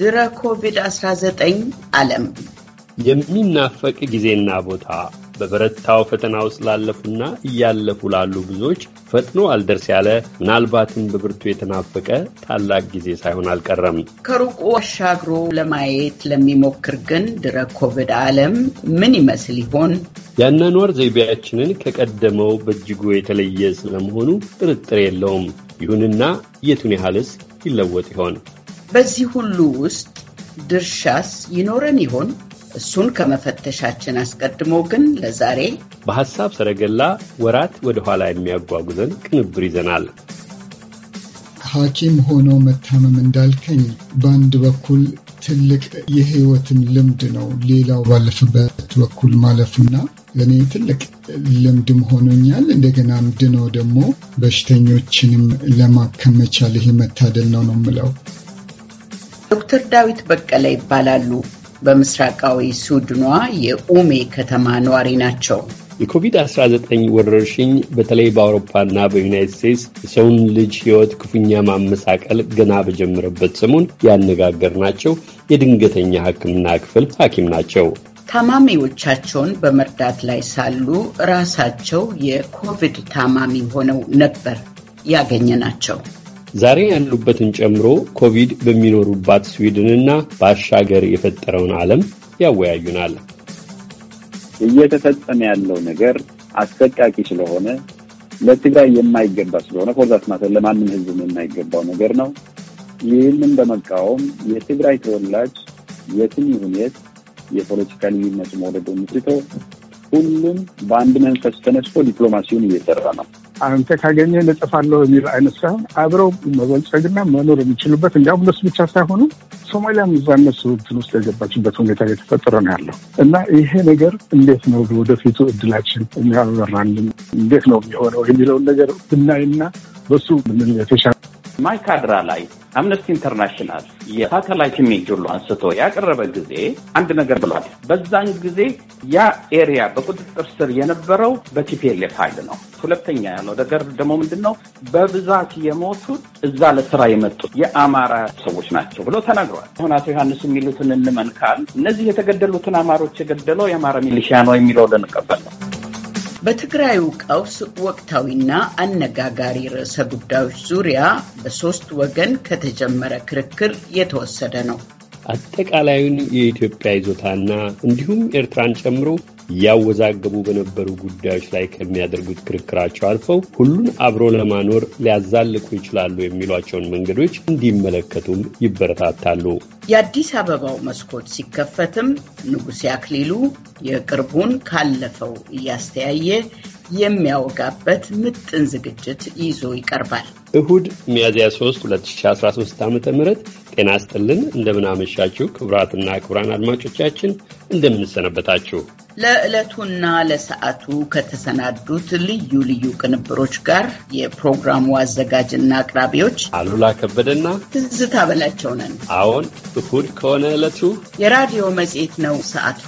ድረ ኮቪድ-19 ዓለም የሚናፈቅ ጊዜና ቦታ በበረታው ፈተና ውስጥ ላለፉና እያለፉ ላሉ ብዙዎች ፈጥኖ አልደርስ ያለ ምናልባትም በብርቱ የተናፈቀ ታላቅ ጊዜ ሳይሆን አልቀረም። ከሩቁ አሻግሮ ለማየት ለሚሞክር ግን ድረ ኮቪድ ዓለም ምን ይመስል ይሆን? የአኗኗር ዘይቤያችንን ከቀደመው በእጅጉ የተለየ ስለመሆኑ ጥርጥር የለውም። ይሁንና የቱን ያህልስ ይለወጥ ይሆን? በዚህ ሁሉ ውስጥ ድርሻስ ይኖረን ይሆን? እሱን ከመፈተሻችን አስቀድሞ ግን ለዛሬ በሐሳብ ሰረገላ ወራት ወደኋላ የሚያጓጉዘን ቅንብር ይዘናል። ሐኪም ሆኖ መታመም እንዳልከኝ በአንድ በኩል ትልቅ የህይወትን ልምድ ነው ሌላው ባለፈበት በኩል ማለፉና እኔ ትልቅ ልምድም ሆኖኛል። እንደገና ምድነው ደግሞ በሽተኞችንም ለማከም መቻል ይሄ መታደል ነው ነው የምለው። ዶክተር ዳዊት በቀለ ይባላሉ። በምስራቃዊ ሱድኗ የኡሜ ከተማ ነዋሪ ናቸው። የኮቪድ-19 ወረርሽኝ በተለይ በአውሮፓና በዩናይት ስቴትስ የሰውን ልጅ ሕይወት ክፉኛ ማመሳቀል ገና በጀመረበት ሰሞን ያነጋገርናቸው የድንገተኛ ሕክምና ክፍል ሐኪም ናቸው። ታማሚዎቻቸውን በመርዳት ላይ ሳሉ ራሳቸው የኮቪድ ታማሚ ሆነው ነበር ያገኘ ናቸው። ዛሬ ያሉበትን ጨምሮ ኮቪድ በሚኖሩባት ስዊድንና ባሻገር የፈጠረውን ዓለም ያወያዩናል። እየተፈጸመ ያለው ነገር አሰቃቂ ስለሆነ ለትግራይ የማይገባ ስለሆነ ፎርዛት ማሰብ ለማንም ህዝብ የማይገባው ነገር ነው። ይህንን በመቃወም የትግራይ ተወላጅ የትም ይሁን የት የፖለቲካ ልዩነት መውደዱን ትቶ ሁሉም በአንድ መንፈስ ተነስቶ ዲፕሎማሲውን እየሰራ ነው። አንተ ካገኘ ልጥፋለሁ የሚል አይነት ሳይሆን አብረው መበልጸግና መኖር የሚችሉበት እንዲያውም እነሱ ብቻ ሳይሆኑ ሶማሊያም እዛ እነሱ እንትን ውስጥ የገባችበት ሁኔታ የተፈጠረ ነው ያለው እና ይሄ ነገር እንዴት ነው ወደፊቱ እድላችን የሚያበራልን እንዴት ነው የሚሆነው የሚለውን ነገር ብናይና በሱ የተሻለ ማይካድራ ላይ አምነስቲ ኢንተርናሽናል የሳተላይት ኢሜጅ ሁሉ አንስቶ ያቀረበ ጊዜ አንድ ነገር ብሏል። በዛን ጊዜ ያ ኤሪያ በቁጥጥር ስር የነበረው በቲፒኤልኤፍ ኃይል ነው። ሁለተኛ ያለው ነገር ደግሞ ምንድን ነው? በብዛት የሞቱት እዛ ለስራ የመጡት የአማራ ሰዎች ናቸው ብሎ ተናግሯል። አሁን አቶ ዮሐንስ የሚሉትን እንመንካል። እነዚህ የተገደሉትን አማሮች የገደለው የአማራ ሚሊሽያ ነው የሚለው ልንቀበል ነው። በትግራዩ ቀውስ ወቅታዊና አነጋጋሪ ርዕሰ ጉዳዮች ዙሪያ በሶስት ወገን ከተጀመረ ክርክር የተወሰደ ነው። አጠቃላዩን የኢትዮጵያ ይዞታና እንዲሁም ኤርትራን ጨምሮ ያወዛገቡ በነበሩ ጉዳዮች ላይ ከሚያደርጉት ክርክራቸው አልፈው ሁሉን አብሮ ለማኖር ሊያዛልቁ ይችላሉ የሚሏቸውን መንገዶች እንዲመለከቱም ይበረታታሉ። የአዲስ አበባው መስኮት ሲከፈትም ንጉሴ አክሊሉ የቅርቡን ካለፈው እያስተያየ የሚያወጋበት ምጥን ዝግጅት ይዞ ይቀርባል። እሁድ ሚያዝያ 3 2013 ዓ ም ጤና ስጥልን እንደምናመሻችሁ ክቡራትና ክቡራን አድማጮቻችን እንደምንሰነበታችሁ ለዕለቱና ለሰዓቱ ከተሰናዱት ልዩ ልዩ ቅንብሮች ጋር የፕሮግራሙ አዘጋጅና አቅራቢዎች አሉላ ከበደና ትዝታ በላቸው ነን። አዎን፣ እሁድ ከሆነ ዕለቱ የራዲዮ መጽሔት ነው። ሰዓቱ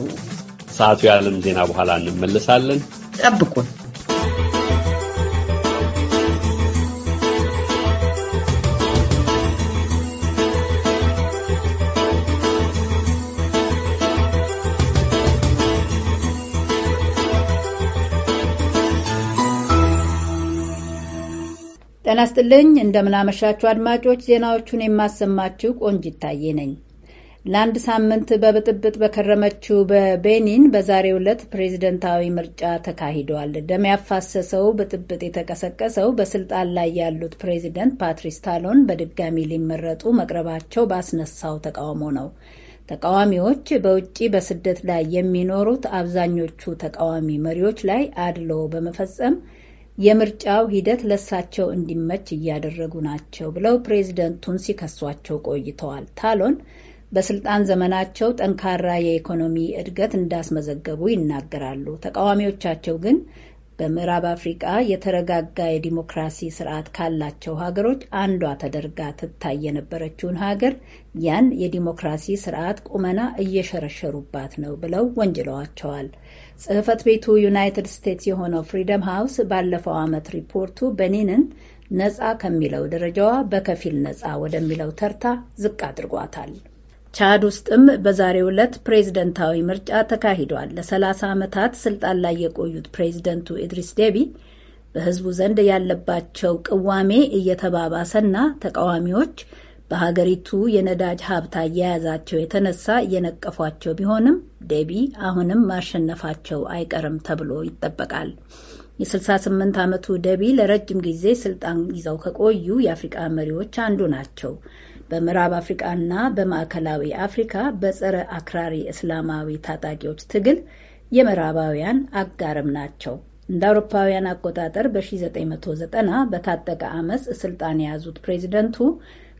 ሰዓቱ የዓለም ዜና በኋላ እንመለሳለን። ጠብቁን። ጤና ስጥልኝ እንደምናመሻችሁ አድማጮች፣ ዜናዎቹን የማሰማችሁ ቆንጅ ይታየ ነኝ። ለአንድ ሳምንት በብጥብጥ በከረመችው በቤኒን በዛሬው ዕለት ፕሬዝደንታዊ ምርጫ ተካሂደዋል። ደም ያፋሰሰው ብጥብጥ የተቀሰቀሰው በስልጣን ላይ ያሉት ፕሬዝደንት ፓትሪስ ታሎን በድጋሚ ሊመረጡ መቅረባቸው ባስነሳው ተቃውሞ ነው። ተቃዋሚዎች በውጭ በስደት ላይ የሚኖሩት አብዛኞቹ ተቃዋሚ መሪዎች ላይ አድሎ በመፈጸም የምርጫው ሂደት ለሳቸው እንዲመች እያደረጉ ናቸው ብለው ፕሬዝደንቱን ሲከሷቸው ቆይተዋል። ታሎን በስልጣን ዘመናቸው ጠንካራ የኢኮኖሚ እድገት እንዳስመዘገቡ ይናገራሉ። ተቃዋሚዎቻቸው ግን በምዕራብ አፍሪቃ የተረጋጋ የዲሞክራሲ ስርዓት ካላቸው ሀገሮች አንዷ ተደርጋ ትታይ የነበረችውን ሀገር ያን የዲሞክራሲ ስርዓት ቁመና እየሸረሸሩባት ነው ብለው ወንጅለዋቸዋል። ጽህፈት ቤቱ ዩናይትድ ስቴትስ የሆነው ፍሪደም ሃውስ ባለፈው ዓመት ሪፖርቱ በኒንን ነፃ ከሚለው ደረጃዋ በከፊል ነፃ ወደሚለው ተርታ ዝቅ አድርጓታል። ቻድ ውስጥም በዛሬው ዕለት ፕሬዝደንታዊ ምርጫ ተካሂዷል። ለ30 ዓመታት ስልጣን ላይ የቆዩት ፕሬዝደንቱ ኢድሪስ ዴቢ በህዝቡ ዘንድ ያለባቸው ቅዋሜ እየተባባሰና ተቃዋሚዎች በሀገሪቱ የነዳጅ ሀብት አያያዛቸው የተነሳ እየነቀፏቸው ቢሆንም ዴቢ አሁንም ማሸነፋቸው አይቀርም ተብሎ ይጠበቃል። የ68 ዓመቱ ደቢ ለረጅም ጊዜ ስልጣን ይዘው ከቆዩ የአፍሪቃ መሪዎች አንዱ ናቸው። በምዕራብ አፍሪቃና በማዕከላዊ አፍሪካ በጸረ አክራሪ እስላማዊ ታጣቂዎች ትግል የምዕራባውያን አጋርም ናቸው። እንደ አውሮፓውያን አቆጣጠር በ1990 በታጠቀ አመፅ ስልጣን የያዙት ፕሬዚደንቱ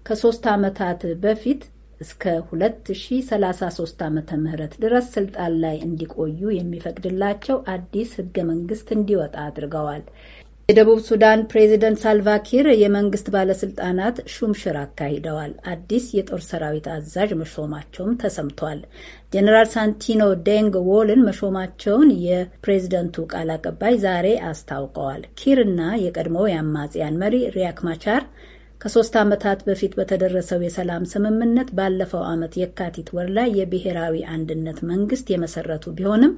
ከሶስት ዓመታት በፊት እስከ 2033 ዓ ምህረት ድረስ ስልጣን ላይ እንዲቆዩ የሚፈቅድላቸው አዲስ ህገ መንግስት እንዲወጣ አድርገዋል። የደቡብ ሱዳን ፕሬዚደንት ሳልቫኪር የመንግስት ባለስልጣናት ሹምሽር አካሂደዋል። አዲስ የጦር ሰራዊት አዛዥ መሾማቸውም ተሰምቷል። ጀኔራል ሳንቲኖ ዴንግ ዎልን መሾማቸውን የፕሬዝደንቱ ቃል አቀባይ ዛሬ አስታውቀዋል። ኪርና የቀድሞው የአማጽያን መሪ ሪያክ ማቻር ከሶስት ዓመታት በፊት በተደረሰው የሰላም ስምምነት ባለፈው ዓመት የካቲት ወር ላይ የብሔራዊ አንድነት መንግስት የመሰረቱ ቢሆንም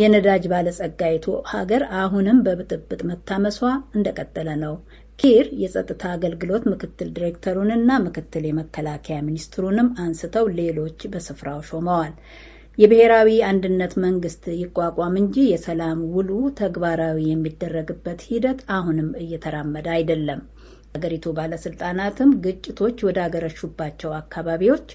የነዳጅ ባለጸጋይቱ ሀገር አሁንም በብጥብጥ መታመሷ እንደቀጠለ ነው። ኪር የጸጥታ አገልግሎት ምክትል ዲሬክተሩንና ምክትል የመከላከያ ሚኒስትሩንም አንስተው ሌሎች በስፍራው ሾመዋል። የብሔራዊ አንድነት መንግስት ይቋቋም እንጂ የሰላም ውሉ ተግባራዊ የሚደረግበት ሂደት አሁንም እየተራመደ አይደለም። ሀገሪቱ ባለስልጣናትም ግጭቶች ወደ ወዳገረሹባቸው አካባቢዎች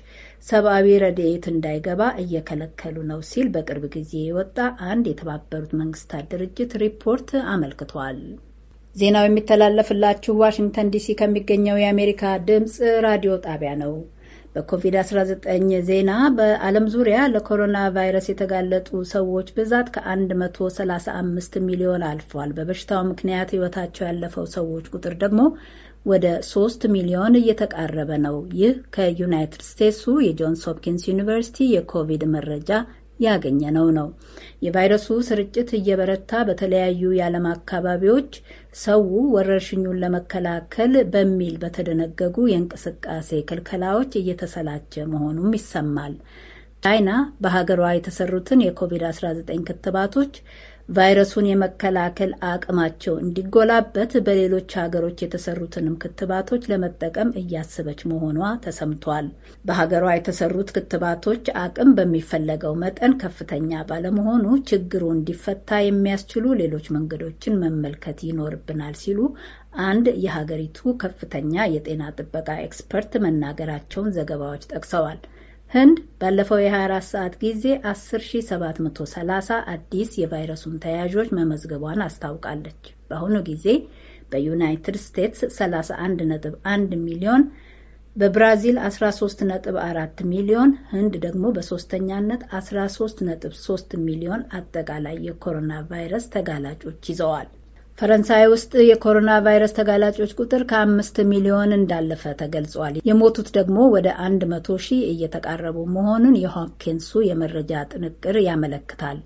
ሰብአዊ ረድኤት እንዳይገባ እየከለከሉ ነው ሲል በቅርብ ጊዜ የወጣ አንድ የተባበሩት መንግስታት ድርጅት ሪፖርት አመልክቷል። ዜናው የሚተላለፍላችሁ ዋሽንግተን ዲሲ ከሚገኘው የአሜሪካ ድምፅ ራዲዮ ጣቢያ ነው። በኮቪድ-19 ዜና በዓለም ዙሪያ ለኮሮና ቫይረስ የተጋለጡ ሰዎች ብዛት ከ135 ሚሊዮን አልፏል። በበሽታው ምክንያት ሕይወታቸው ያለፈው ሰዎች ቁጥር ደግሞ ወደ 3 ሚሊዮን እየተቃረበ ነው። ይህ ከዩናይትድ ስቴትሱ የጆንስ ሆፕኪንስ ዩኒቨርሲቲ የኮቪድ መረጃ ያገኘነው ነው። የቫይረሱ ስርጭት እየበረታ በተለያዩ የዓለም አካባቢዎች ሰው ወረርሽኙን ለመከላከል በሚል በተደነገጉ የእንቅስቃሴ ክልከላዎች እየተሰላቸ መሆኑም ይሰማል። ቻይና በሀገሯ የተሰሩትን የኮቪድ-19 ክትባቶች ቫይረሱን የመከላከል አቅማቸው እንዲጎላበት በሌሎች ሀገሮች የተሰሩትንም ክትባቶች ለመጠቀም እያሰበች መሆኗ ተሰምቷል። በሀገሯ የተሰሩት ክትባቶች አቅም በሚፈለገው መጠን ከፍተኛ ባለመሆኑ ችግሩ እንዲፈታ የሚያስችሉ ሌሎች መንገዶችን መመልከት ይኖርብናል ሲሉ አንድ የሀገሪቱ ከፍተኛ የጤና ጥበቃ ኤክስፐርት መናገራቸውን ዘገባዎች ጠቅሰዋል። ህንድ ባለፈው የ24 ሰዓት ጊዜ 10730 አዲስ የቫይረሱን ተያዦች መመዝገቧን አስታውቃለች። በአሁኑ ጊዜ በዩናይትድ ስቴትስ 31.1 ሚሊዮን፣ በብራዚል 13.4 ሚሊዮን፣ ህንድ ደግሞ በሶስተኛነት 13.3 ሚሊዮን አጠቃላይ የኮሮና ቫይረስ ተጋላጮች ይዘዋል። ፈረንሳይ ውስጥ የኮሮና ቫይረስ ተጋላጮች ቁጥር ከአምስት ሚሊዮን እንዳለፈ ተገልጿል። የሞቱት ደግሞ ወደ አንድ መቶ ሺህ እየተቃረቡ መሆኑን የሆኪንሱ የመረጃ ጥንቅር ያመለክታል።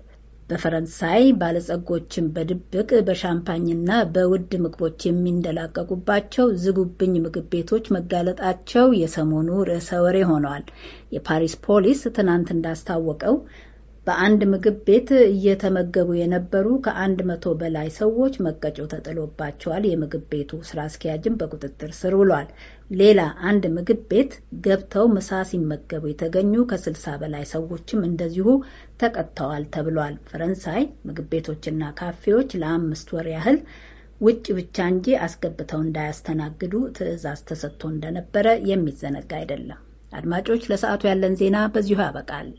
በፈረንሳይ ባለጸጎችን በድብቅ በሻምፓኝና በውድ ምግቦች የሚንደላቀቁባቸው ዝጉብኝ ምግብ ቤቶች መጋለጣቸው የሰሞኑ ርዕሰ ወሬ ሆኗል። የፓሪስ ፖሊስ ትናንት እንዳስታወቀው በአንድ ምግብ ቤት እየተመገቡ የነበሩ ከአንድ መቶ በላይ ሰዎች መቀጮ ተጥሎባቸዋል። የምግብ ቤቱ ስራ አስኪያጅም በቁጥጥር ስር ውሏል። ሌላ አንድ ምግብ ቤት ገብተው ምሳ ሲመገቡ የተገኙ ከስልሳ በላይ ሰዎችም እንደዚሁ ተቀጥተዋል ተብሏል። ፈረንሳይ ምግብ ቤቶችና ካፌዎች ለአምስት ወር ያህል ውጭ ብቻ እንጂ አስገብተው እንዳያስተናግዱ ትዕዛዝ ተሰጥቶ እንደነበረ የሚዘነጋ አይደለም። አድማጮች፣ ለሰዓቱ ያለን ዜና በዚሁ ያበቃል።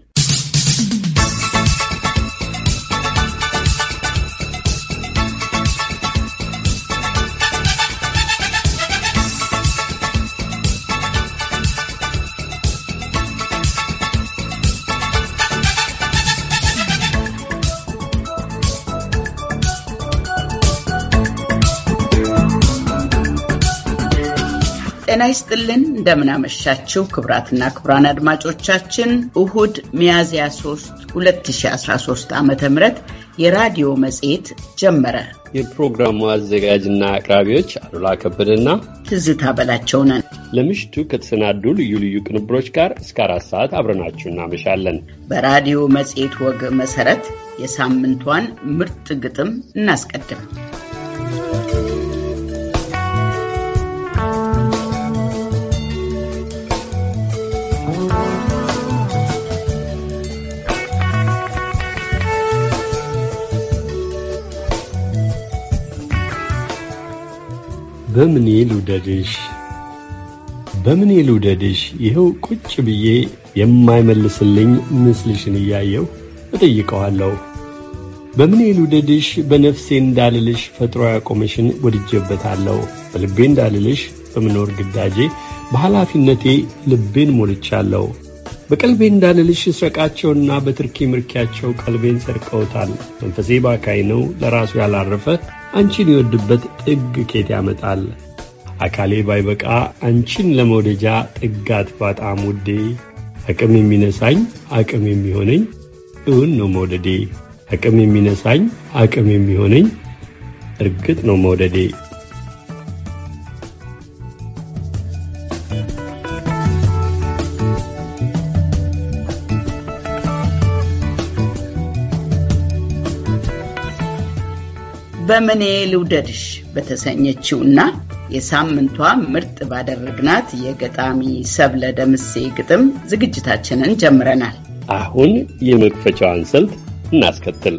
ጤና ይስጥልን እንደምናመሻችው ክብራትና ክብራን አድማጮቻችን እሁድ ሚያዝያ 3 2013 ዓ ም የራዲዮ መጽሔት ጀመረ። የፕሮግራሙ አዘጋጅና አቅራቢዎች አሉላ ከበደና ትዝታ በላቸው ነን። ለምሽቱ ከተሰናዱ ልዩ ልዩ ቅንብሮች ጋር እስከ አራት ሰዓት አብረናችሁ እናመሻለን። በራዲዮ መጽሔት ወግ መሰረት የሳምንቷን ምርጥ ግጥም እናስቀድም። በምኔ ልውደድሽ በምኔ ልውደድሽ ይኸው ቁጭ ብዬ የማይመልስልኝ ምስልሽን እያየሁ እጠይቀዋለሁ። በምኔ ልውደድሽ በነፍሴ እንዳልልሽ ፈጥሮ ያቆመሽን ወድጄበታለሁ። በልቤ እንዳልልሽ በምኖር ግዳጄ በኃላፊነቴ ልቤን ሞልቻለሁ። በቀልቤ እንዳልልሽ ስረቃቸውና በትርኪ ምርኪያቸው ቀልቤን ሰርቀውታል። መንፈሴ ባካይ ነው ለራሱ ያላረፈ አንቺን የወድበት ጥግ ኬት ያመጣል? አካሌ ባይበቃ አንቺን ለመውደጃ ጥግ አትባጣም ውዴ። አቅም የሚነሳኝ አቅም የሚሆነኝ እውን ነው መውደዴ። አቅም የሚነሳኝ አቅም የሚሆነኝ እርግጥ ነው መውደዴ። በምኔ ልውደድሽ በተሰኘችውና የሳምንቷ ምርጥ ባደረግናት የገጣሚ ሰብለ ደምሴ ግጥም ዝግጅታችንን ጀምረናል። አሁን የመክፈቻዋን ስልት እናስከትል።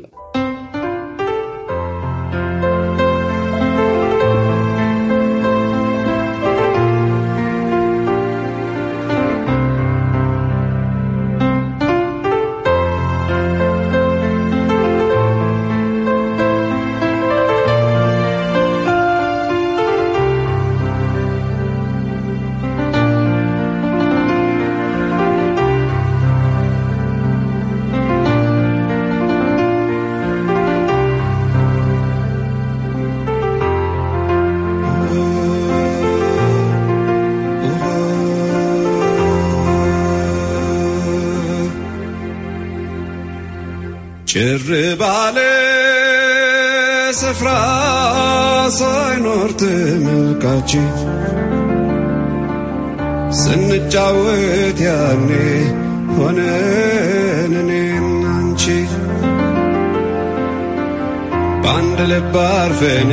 አርፈን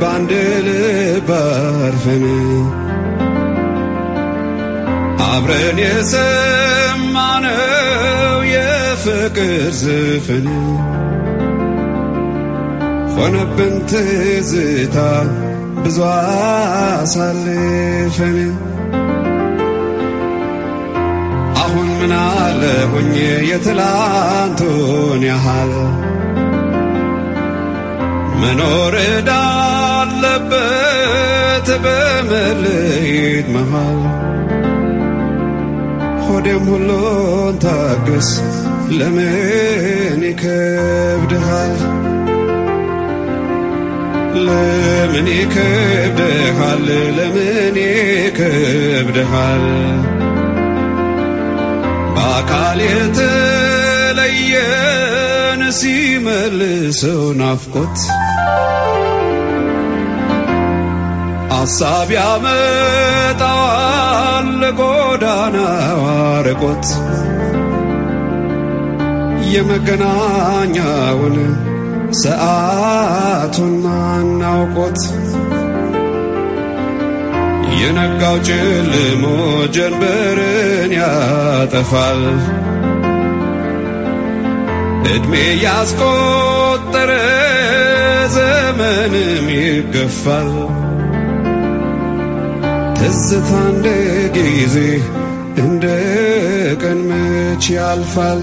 ባንድ ልብ አርፈን አብረን የሰማነው የፍቅር ዘፈን ሆነብን ትዝታ ብዙ አሳልፈን አሁን ምን አለሁኝ የትላንቱን ያህል መኖር ዳለበት በመለይት መሃል ሆዴም ሁሉን ታገስ ለምን ይከብድሃል? ለምን ይከብድሃል? ለምን ይከብድሃል? በአካል የተለየ ሲመልሰው ናፍቆት አሳብ ያመጣዋል ለጎዳና ርቆት የመገናኛውን ሰዓቱን ማናውቆት የነጋው ጭልሞ ጀንበርን ያጠፋል። እድሜ ያስቆጠረ ዘመንም ይገፋል። ትዝታ እንደ ጊዜ እንደ ቀን መች ያልፋል።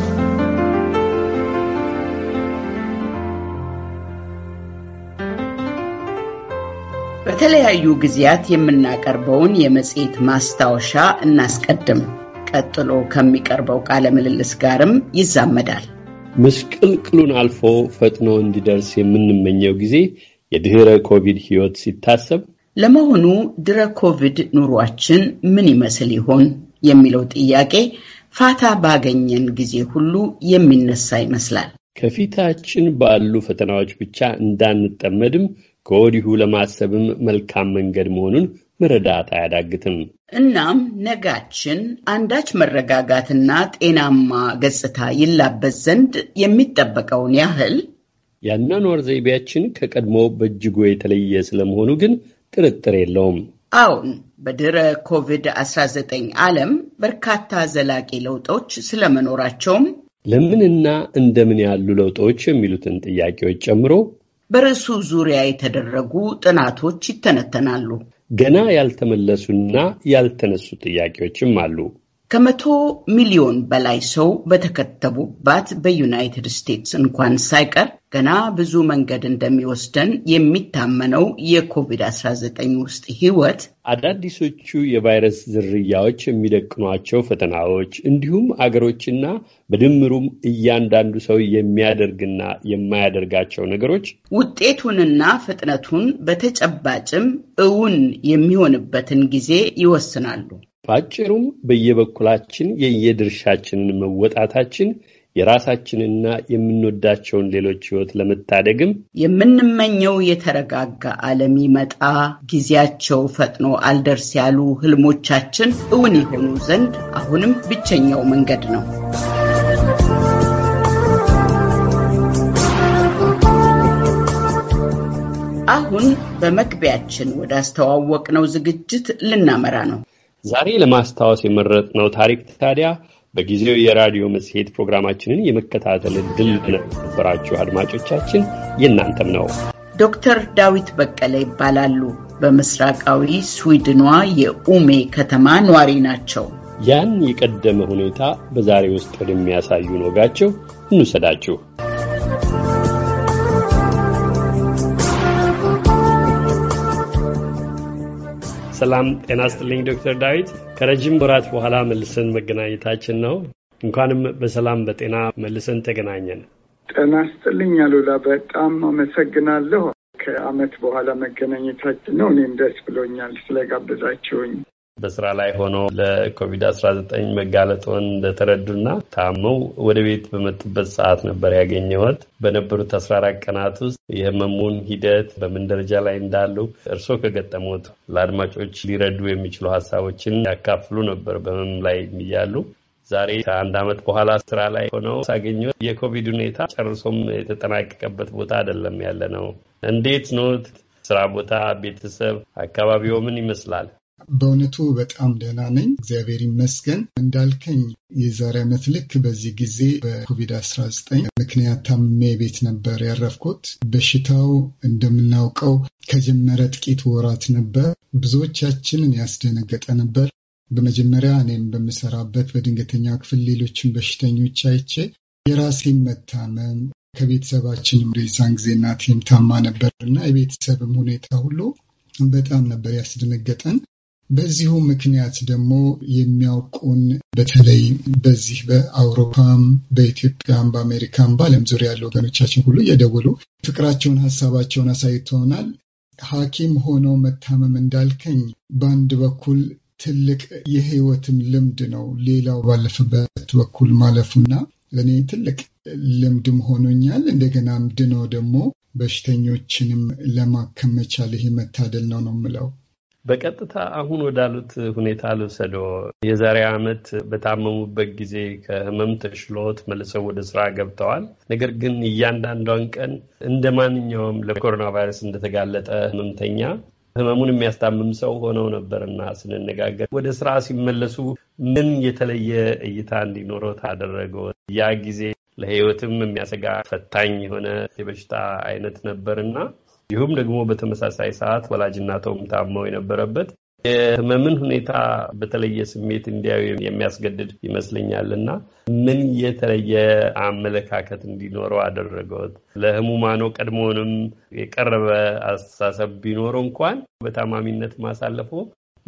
በተለያዩ ጊዜያት የምናቀርበውን የመጽሔት ማስታወሻ እናስቀድም። ቀጥሎ ከሚቀርበው ቃለ ምልልስ ጋርም ይዛመዳል። ምስቅልቅሉን አልፎ ፈጥኖ እንዲደርስ የምንመኘው ጊዜ የድህረ ኮቪድ ህይወት ሲታሰብ ለመሆኑ ድረ ኮቪድ ኑሯችን ምን ይመስል ይሆን የሚለው ጥያቄ ፋታ ባገኘን ጊዜ ሁሉ የሚነሳ ይመስላል። ከፊታችን ባሉ ፈተናዎች ብቻ እንዳንጠመድም ከወዲሁ ለማሰብም መልካም መንገድ መሆኑን መረዳት አያዳግትም። እናም ነጋችን አንዳች መረጋጋትና ጤናማ ገጽታ ይላበት ዘንድ የሚጠበቀውን ያህል የአኗኗር ዘይቤያችን ከቀድሞ በእጅጉ የተለየ ስለመሆኑ ግን ጥርጥር የለውም። አሁን በድረ ኮቪድ-19 ዓለም በርካታ ዘላቂ ለውጦች ስለመኖራቸውም ለምንና እንደምን ያሉ ለውጦች የሚሉትን ጥያቄዎች ጨምሮ በርዕሱ ዙሪያ የተደረጉ ጥናቶች ይተነተናሉ። ገና ያልተመለሱና ያልተነሱ ጥያቄዎችም አሉ። ከመቶ ሚሊዮን በላይ ሰው በተከተቡባት በዩናይትድ ስቴትስ እንኳን ሳይቀር ገና ብዙ መንገድ እንደሚወስደን የሚታመነው የኮቪድ-19 ውስጥ ህይወት አዳዲሶቹ የቫይረስ ዝርያዎች የሚደቅኗቸው ፈተናዎች እንዲሁም አገሮችና በድምሩም እያንዳንዱ ሰው የሚያደርግና የማያደርጋቸው ነገሮች ውጤቱንና ፍጥነቱን በተጨባጭም እውን የሚሆንበትን ጊዜ ይወስናሉ። በአጭሩም በየበኩላችን የየድርሻችንን መወጣታችን የራሳችንና የምንወዳቸውን ሌሎች ሕይወት ለመታደግም የምንመኘው የተረጋጋ ዓለም ይመጣ፣ ጊዜያቸው ፈጥኖ አልደርስ ያሉ ህልሞቻችን እውን የሆኑ ዘንድ አሁንም ብቸኛው መንገድ ነው። አሁን በመግቢያችን ወዳስተዋወቅነው ዝግጅት ልናመራ ነው። ዛሬ ለማስታወስ የመረጥነው ታሪክ ታዲያ በጊዜው የራዲዮ መጽሔት ፕሮግራማችንን የመከታተል ድል ነበራችሁ አድማጮቻችን የእናንተም ነው። ዶክተር ዳዊት በቀለ ይባላሉ። በምስራቃዊ ስዊድኗ የኡሜ ከተማ ነዋሪ ናቸው። ያን የቀደመ ሁኔታ በዛሬ ውስጥ ወደሚያሳዩን ወጋቸው እንውሰዳችሁ። ሰላም ጤና ስጥልኝ ዶክተር ዳዊት ከረጅም ወራት በኋላ መልሰን መገናኘታችን ነው። እንኳንም በሰላም በጤና መልሰን ተገናኘን። ጤና ስጥልኝ አሉላ፣ በጣም አመሰግናለሁ። ከአመት በኋላ መገናኘታችን ነው። እኔም ደስ ብሎኛል ስለጋበዛችሁኝ። በስራ ላይ ሆኖ ለኮቪድ-19 መጋለጥዎን እንደተረዱና ታመው ወደ ቤት በመጡበት ሰዓት ነበር ያገኘሁት። በነበሩት 14 ቀናት ውስጥ የህመሙን ሂደት በምን ደረጃ ላይ እንዳሉ እርስዎ ከገጠሙት ለአድማጮች ሊረዱ የሚችሉ ሀሳቦችን ያካፍሉ ነበር በህመም ላይ እያሉ። ዛሬ ከአንድ አመት በኋላ ስራ ላይ ሆነው ሳገኘ የኮቪድ ሁኔታ ጨርሶም የተጠናቀቀበት ቦታ አይደለም ያለ ነው። እንዴት ኖት? ስራ ቦታ፣ ቤተሰብ፣ አካባቢው ምን ይመስላል? በእውነቱ በጣም ደህና ነኝ፣ እግዚአብሔር ይመስገን። እንዳልከኝ የዛሬ ዓመት ልክ በዚህ ጊዜ በኮቪድ-19 ምክንያት ታምሜ ቤት ነበር ያረፍኩት። በሽታው እንደምናውቀው ከጀመረ ጥቂት ወራት ነበር። ብዙዎቻችንን ያስደነገጠ ነበር። በመጀመሪያ እኔም በምሰራበት በድንገተኛ ክፍል ሌሎችን በሽተኞች አይቼ የራሴን መታመም ከቤተሰባችንም ሬዛን ጊዜ እናቴም ታማ ነበር እና የቤተሰብም ሁኔታ ሁሉ በጣም ነበር ያስደነገጠን። በዚሁ ምክንያት ደግሞ የሚያውቁን በተለይ በዚህ በአውሮፓም በኢትዮጵያም በአሜሪካም በዓለም ዙሪያ ያለ ወገኖቻችን ሁሉ እየደወሉ ፍቅራቸውን፣ ሀሳባቸውን አሳይተውናል። ሐኪም ሆነው መታመም እንዳልከኝ በአንድ በኩል ትልቅ የህይወትም ልምድ ነው። ሌላው ባለፈበት በኩል ማለፉና እኔ ትልቅ ልምድም ሆኖኛል። እንደገናም ድኖ ደግሞ በሽተኞችንም ለማከም መቻል ይሄ መታደል ነው ነው የምለው። በቀጥታ አሁን ወዳሉት ሁኔታ ልውሰዶ የዛሬ ዓመት በታመሙበት ጊዜ ከህመም ተሽሎት መልሰው ወደ ስራ ገብተዋል። ነገር ግን እያንዳንዷን ቀን እንደ ማንኛውም ለኮሮና ቫይረስ እንደተጋለጠ ህመምተኛ ህመሙን የሚያስታምም ሰው ሆነው ነበርና ስንነጋገር ወደ ስራ ሲመለሱ ምን የተለየ እይታ እንዲኖረው ታደረገው? ያ ጊዜ ለህይወትም የሚያሰጋ ፈታኝ የሆነ የበሽታ አይነት ነበርና እንዲሁም ደግሞ በተመሳሳይ ሰዓት ተውም ታመው የነበረበት የህመምን ሁኔታ በተለየ ስሜት እንዲያዩ የሚያስገድድ ይመስለኛል እና ምን የተለየ አመለካከት እንዲኖረው አደረገውት? ለህሙማኖ ቀድሞውንም የቀረበ አስተሳሰብ ቢኖረው እንኳን በታማሚነት ማሳለፎ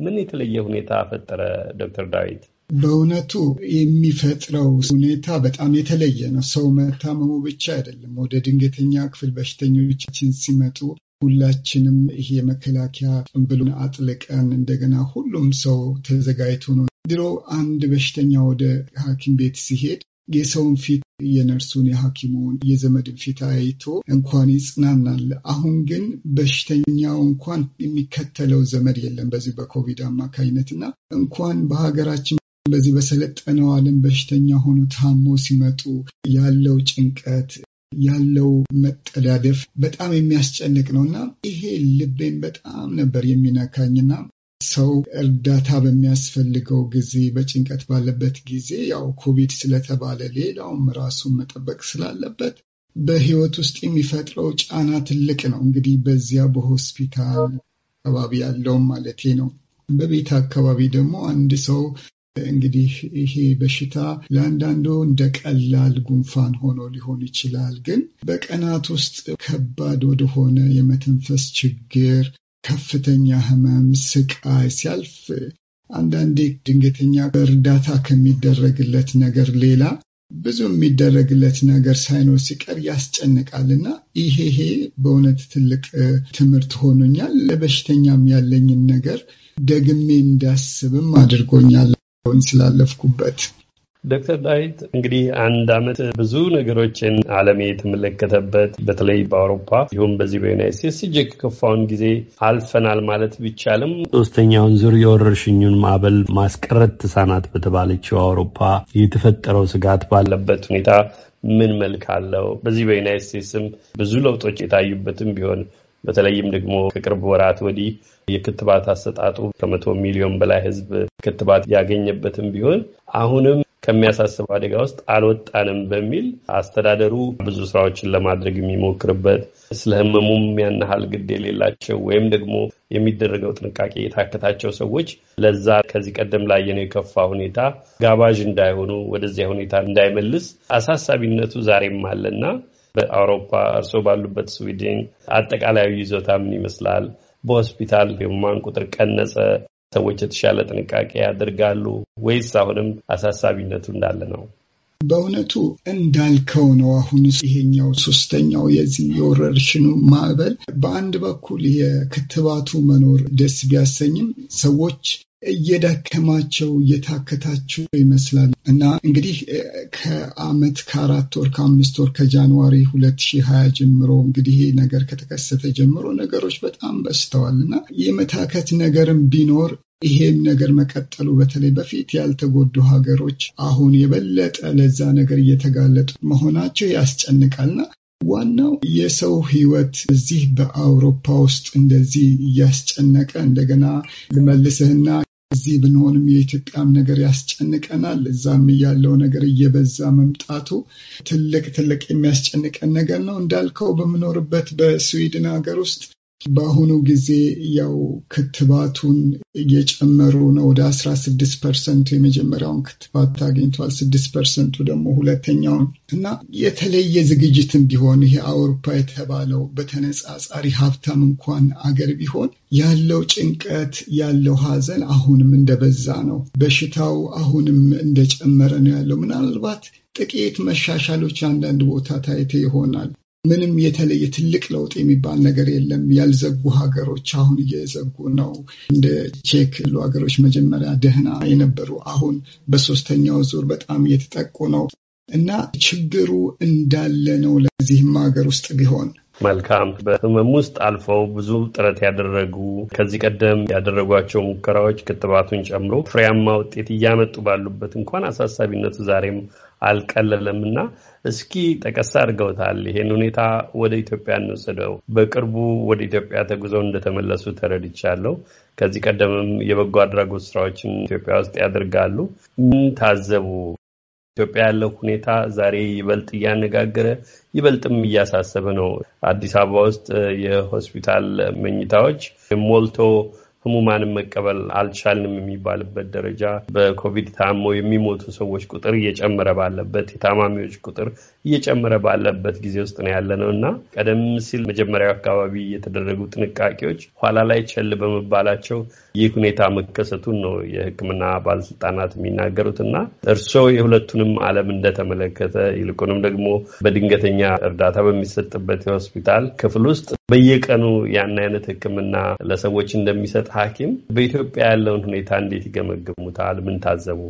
ምን የተለየ ሁኔታ ፈጠረ? ዶክተር ዳዊት በእውነቱ የሚፈጥረው ሁኔታ በጣም የተለየ ነው። ሰው መታመሙ ብቻ አይደለም። ወደ ድንገተኛ ክፍል በሽተኞቻችን ሲመጡ ሁላችንም ይሄ የመከላከያ ጭንብሉን አጥልቀን እንደገና ሁሉም ሰው ተዘጋጅቶ ነው። ድሮ አንድ በሽተኛ ወደ ሐኪም ቤት ሲሄድ የሰውን ፊት የነርሱን፣ የሐኪሙን፣ የዘመድን ፊት አይቶ እንኳን ይጽናናል። አሁን ግን በሽተኛው እንኳን የሚከተለው ዘመድ የለም በዚህ በኮቪድ አማካኝነትና እንኳን በሀገራችን በዚህ በሰለጠነው ዓለም በሽተኛ ሆኖ ታሞ ሲመጡ ያለው ጭንቀት ያለው መጠዳደፍ በጣም የሚያስጨንቅ ነው እና ይሄ ልቤን በጣም ነበር የሚነካኝና ሰው እርዳታ በሚያስፈልገው ጊዜ በጭንቀት ባለበት ጊዜ ያው ኮቪድ ስለተባለ ሌላውም ራሱን መጠበቅ ስላለበት በህይወት ውስጥ የሚፈጥረው ጫና ትልቅ ነው። እንግዲህ በዚያ በሆስፒታል አካባቢ ያለውም ማለቴ ነው። በቤት አካባቢ ደግሞ አንድ ሰው እንግዲህ ይሄ በሽታ ለአንዳንዱ እንደ ቀላል ጉንፋን ሆኖ ሊሆን ይችላል። ግን በቀናት ውስጥ ከባድ ወደሆነ የመተንፈስ ችግር፣ ከፍተኛ ህመም፣ ስቃይ ሲያልፍ አንዳንዴ ድንገተኛ እርዳታ ከሚደረግለት ነገር ሌላ ብዙ የሚደረግለት ነገር ሳይኖር ሲቀር ያስጨንቃል እና ይሄ በእውነት ትልቅ ትምህርት ሆኖኛል። ለበሽተኛም ያለኝን ነገር ደግሜ እንዳስብም አድርጎኛል። ሆን ስላለፍኩበት ዶክተር ዳዊት እንግዲህ አንድ አመት ብዙ ነገሮችን አለም የተመለከተበት በተለይ በአውሮፓ ይሁን በዚህ በዩናይት ስቴትስ እጅግ ከፋውን ጊዜ አልፈናል ማለት ቢቻልም ሶስተኛውን ዙር የወረርሽኙን ማዕበል ማስቀረት ትሳናት በተባለችው አውሮፓ የተፈጠረው ስጋት ባለበት ሁኔታ ምን መልክ አለው? በዚህ በዩናይት ስቴትስም ብዙ ለውጦች የታዩበትም ቢሆን በተለይም ደግሞ ከቅርብ ወራት ወዲህ የክትባት አሰጣጡ ከመቶ ሚሊዮን በላይ ህዝብ ክትባት ያገኘበትም ቢሆን አሁንም ከሚያሳስበው አደጋ ውስጥ አልወጣንም በሚል አስተዳደሩ ብዙ ስራዎችን ለማድረግ የሚሞክርበት ስለ ህመሙም ያን ግድ የሌላቸው ወይም ደግሞ የሚደረገው ጥንቃቄ የታከታቸው ሰዎች ለዛ ከዚህ ቀደም የነው የከፋ ሁኔታ ጋባዥ እንዳይሆኑ ወደዚያ ሁኔታ እንዳይመልስ አሳሳቢነቱ ዛሬም አለና በአውሮፓ እርስዎ ባሉበት ስዊድን አጠቃላዩ ይዞታ ምን ይመስላል? በሆስፒታል የሙማን ቁጥር ቀነሰ? ሰዎች የተሻለ ጥንቃቄ ያደርጋሉ ወይስ አሁንም አሳሳቢነቱ እንዳለ ነው? በእውነቱ እንዳልከው ነው። አሁን ይሄኛው ሶስተኛው የዚህ የወረርሽኑ ማዕበል በአንድ በኩል የክትባቱ መኖር ደስ ቢያሰኝም ሰዎች እየዳከማቸው እየታከታቸው ይመስላል እና እንግዲህ ከአመት ከአራት ወር ከአምስት ወር ከጃንዋሪ ሁለት ሺ ሀያ ጀምሮ እንግዲህ ይሄ ነገር ከተከሰተ ጀምሮ ነገሮች በጣም በስተዋል እና የመታከት ነገርም ቢኖር ይሄም ነገር መቀጠሉ በተለይ በፊት ያልተጎዱ ሀገሮች አሁን የበለጠ ለዛ ነገር እየተጋለጡ መሆናቸው ያስጨንቃልና ዋናው የሰው ሕይወት እዚህ በአውሮፓ ውስጥ እንደዚህ እያስጨነቀ እንደገና ልመልስህና እዚህ ብንሆንም የኢትዮጵያም ነገር ያስጨንቀናል። እዛም ያለው ነገር እየበዛ መምጣቱ ትልቅ ትልቅ የሚያስጨንቀን ነገር ነው። እንዳልከው በምኖርበት በስዊድን ሀገር ውስጥ በአሁኑ ጊዜ ያው ክትባቱን እየጨመሩ ነው። ወደ አስራ ስድስት ፐርሰንቱ የመጀመሪያውን ክትባት አግኝቷል። ስድስት ፐርሰንቱ ደግሞ ሁለተኛውን እና የተለየ ዝግጅትም ቢሆን ይሄ አውሮፓ የተባለው በተነጻጻሪ ሀብታም እንኳን አገር ቢሆን ያለው ጭንቀት ያለው ሀዘን አሁንም እንደበዛ ነው። በሽታው አሁንም እንደጨመረ ነው ያለው። ምናልባት ጥቂት መሻሻሎች አንዳንድ ቦታ ታይተ ይሆናል። ምንም የተለየ ትልቅ ለውጥ የሚባል ነገር የለም። ያልዘጉ ሀገሮች አሁን እየዘጉ ነው። እንደ ቼክ ያሉ ሀገሮች መጀመሪያ ደህና የነበሩ አሁን በሶስተኛው ዙር በጣም እየተጠቁ ነው እና ችግሩ እንዳለ ነው። ለዚህም ሀገር ውስጥ ቢሆን መልካም። በህመም ውስጥ አልፈው ብዙ ጥረት ያደረጉ ከዚህ ቀደም ያደረጓቸው ሙከራዎች ክትባቱን ጨምሮ ፍሬያማ ውጤት እያመጡ ባሉበት እንኳን አሳሳቢነቱ ዛሬም አልቀለለም ና እስኪ ጠቀስ አድርገውታል። ይሄን ሁኔታ ወደ ኢትዮጵያ እንወስደው። በቅርቡ ወደ ኢትዮጵያ ተጉዘው እንደተመለሱ ተረድቻለሁ። ከዚህ ቀደምም የበጎ አድራጎት ስራዎችን ኢትዮጵያ ውስጥ ያደርጋሉ። ምን ታዘቡ? ኢትዮጵያ ያለው ሁኔታ ዛሬ ይበልጥ እያነጋገረ ይበልጥም እያሳሰበ ነው። አዲስ አበባ ውስጥ የሆስፒታል መኝታዎች ሞልቶ ህሙማንም መቀበል አልቻልንም የሚባልበት ደረጃ በኮቪድ ታሞ የሚሞቱ ሰዎች ቁጥር እየጨመረ ባለበት የታማሚዎች ቁጥር እየጨመረ ባለበት ጊዜ ውስጥ ነው ያለ ነው እና ቀደም ሲል መጀመሪያው አካባቢ የተደረጉ ጥንቃቄዎች ኋላ ላይ ቸል በመባላቸው ይህ ሁኔታ መከሰቱን ነው የሕክምና ባለስልጣናት የሚናገሩት እና እርስዎ የሁለቱንም ዓለም እንደተመለከተ ይልቁንም ደግሞ በድንገተኛ እርዳታ በሚሰጥበት የሆስፒታል ክፍል ውስጥ በየቀኑ ያን አይነት ሕክምና ለሰዎች እንደሚሰጥ ሐኪም በኢትዮጵያ ያለውን ሁኔታ እንዴት ይገመግሙታል? ምን ታዘቡ?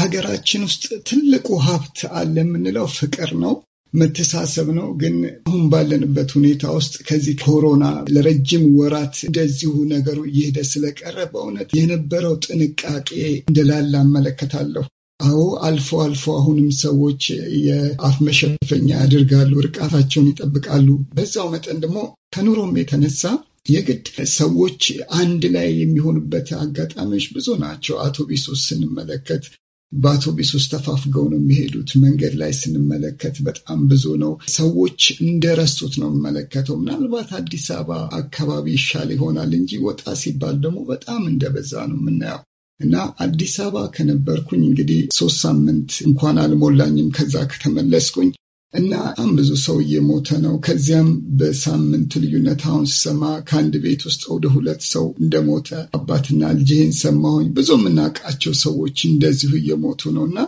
አገራችን ውስጥ ትልቁ ሀብት አለ የምንለው ፍቅር ነው፣ መተሳሰብ ነው። ግን አሁን ባለንበት ሁኔታ ውስጥ ከዚህ ኮሮና ለረጅም ወራት እንደዚሁ ነገሩ እየሄደ ስለቀረ በእውነት የነበረው ጥንቃቄ እንደላላ አመለከታለሁ። አዎ አልፎ አልፎ አሁንም ሰዎች የአፍ መሸፈኛ ያደርጋሉ፣ ርቃታቸውን ይጠብቃሉ። በዛው መጠን ደግሞ ከኑሮም የተነሳ የግድ ሰዎች አንድ ላይ የሚሆኑበት አጋጣሚዎች ብዙ ናቸው። አውቶቡስ ስንመለከት ውስጥ ተፋፍገው ነው የሚሄዱት። መንገድ ላይ ስንመለከት በጣም ብዙ ነው። ሰዎች እንደረሱት ነው የምመለከተው። ምናልባት አዲስ አበባ አካባቢ ይሻል ይሆናል እንጂ ወጣ ሲባል ደግሞ በጣም እንደበዛ ነው የምናየው። እና አዲስ አበባ ከነበርኩኝ እንግዲህ ሶስት ሳምንት እንኳን አልሞላኝም ከዛ ከተመለስኩኝ እና በጣም ብዙ ሰው እየሞተ ነው። ከዚያም በሳምንት ልዩነት አሁን ስሰማ ከአንድ ቤት ውስጥ ወደ ሁለት ሰው እንደሞተ አባትና ልጅህን ሰማሁኝ። ብዙ የምናውቃቸው ሰዎች እንደዚሁ እየሞቱ ነው እና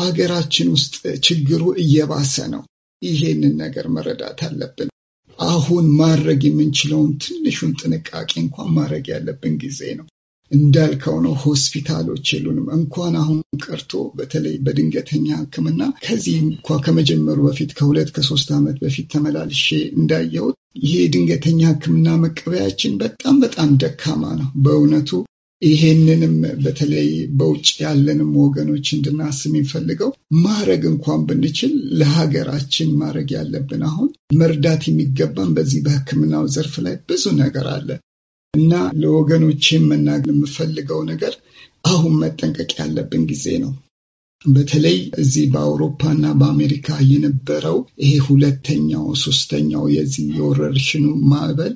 ሀገራችን ውስጥ ችግሩ እየባሰ ነው። ይሄንን ነገር መረዳት አለብን። አሁን ማድረግ የምንችለውን ትንሹን ጥንቃቄ እንኳን ማድረግ ያለብን ጊዜ ነው። እንዳልከው ነው። ሆስፒታሎች የሉንም። እንኳን አሁን ቀርቶ በተለይ በድንገተኛ ሕክምና ከዚህ እንኳ ከመጀመሩ በፊት ከሁለት ከሶስት ዓመት በፊት ተመላልሼ እንዳየሁት ይሄ የድንገተኛ ሕክምና መቀበያችን በጣም በጣም ደካማ ነው በእውነቱ። ይሄንንም በተለይ በውጭ ያለንም ወገኖች እንድናስብ የሚፈልገው ማድረግ እንኳን ብንችል ለሀገራችን ማድረግ ያለብን አሁን መርዳት የሚገባን በዚህ በህክምናው ዘርፍ ላይ ብዙ ነገር አለ። እና ለወገኖቼም መናገር የምፈልገው ነገር አሁን መጠንቀቅ ያለብን ጊዜ ነው። በተለይ እዚህ በአውሮፓና በአሜሪካ የነበረው ይሄ ሁለተኛው ሶስተኛው የዚህ የወረርሽኑ ማዕበል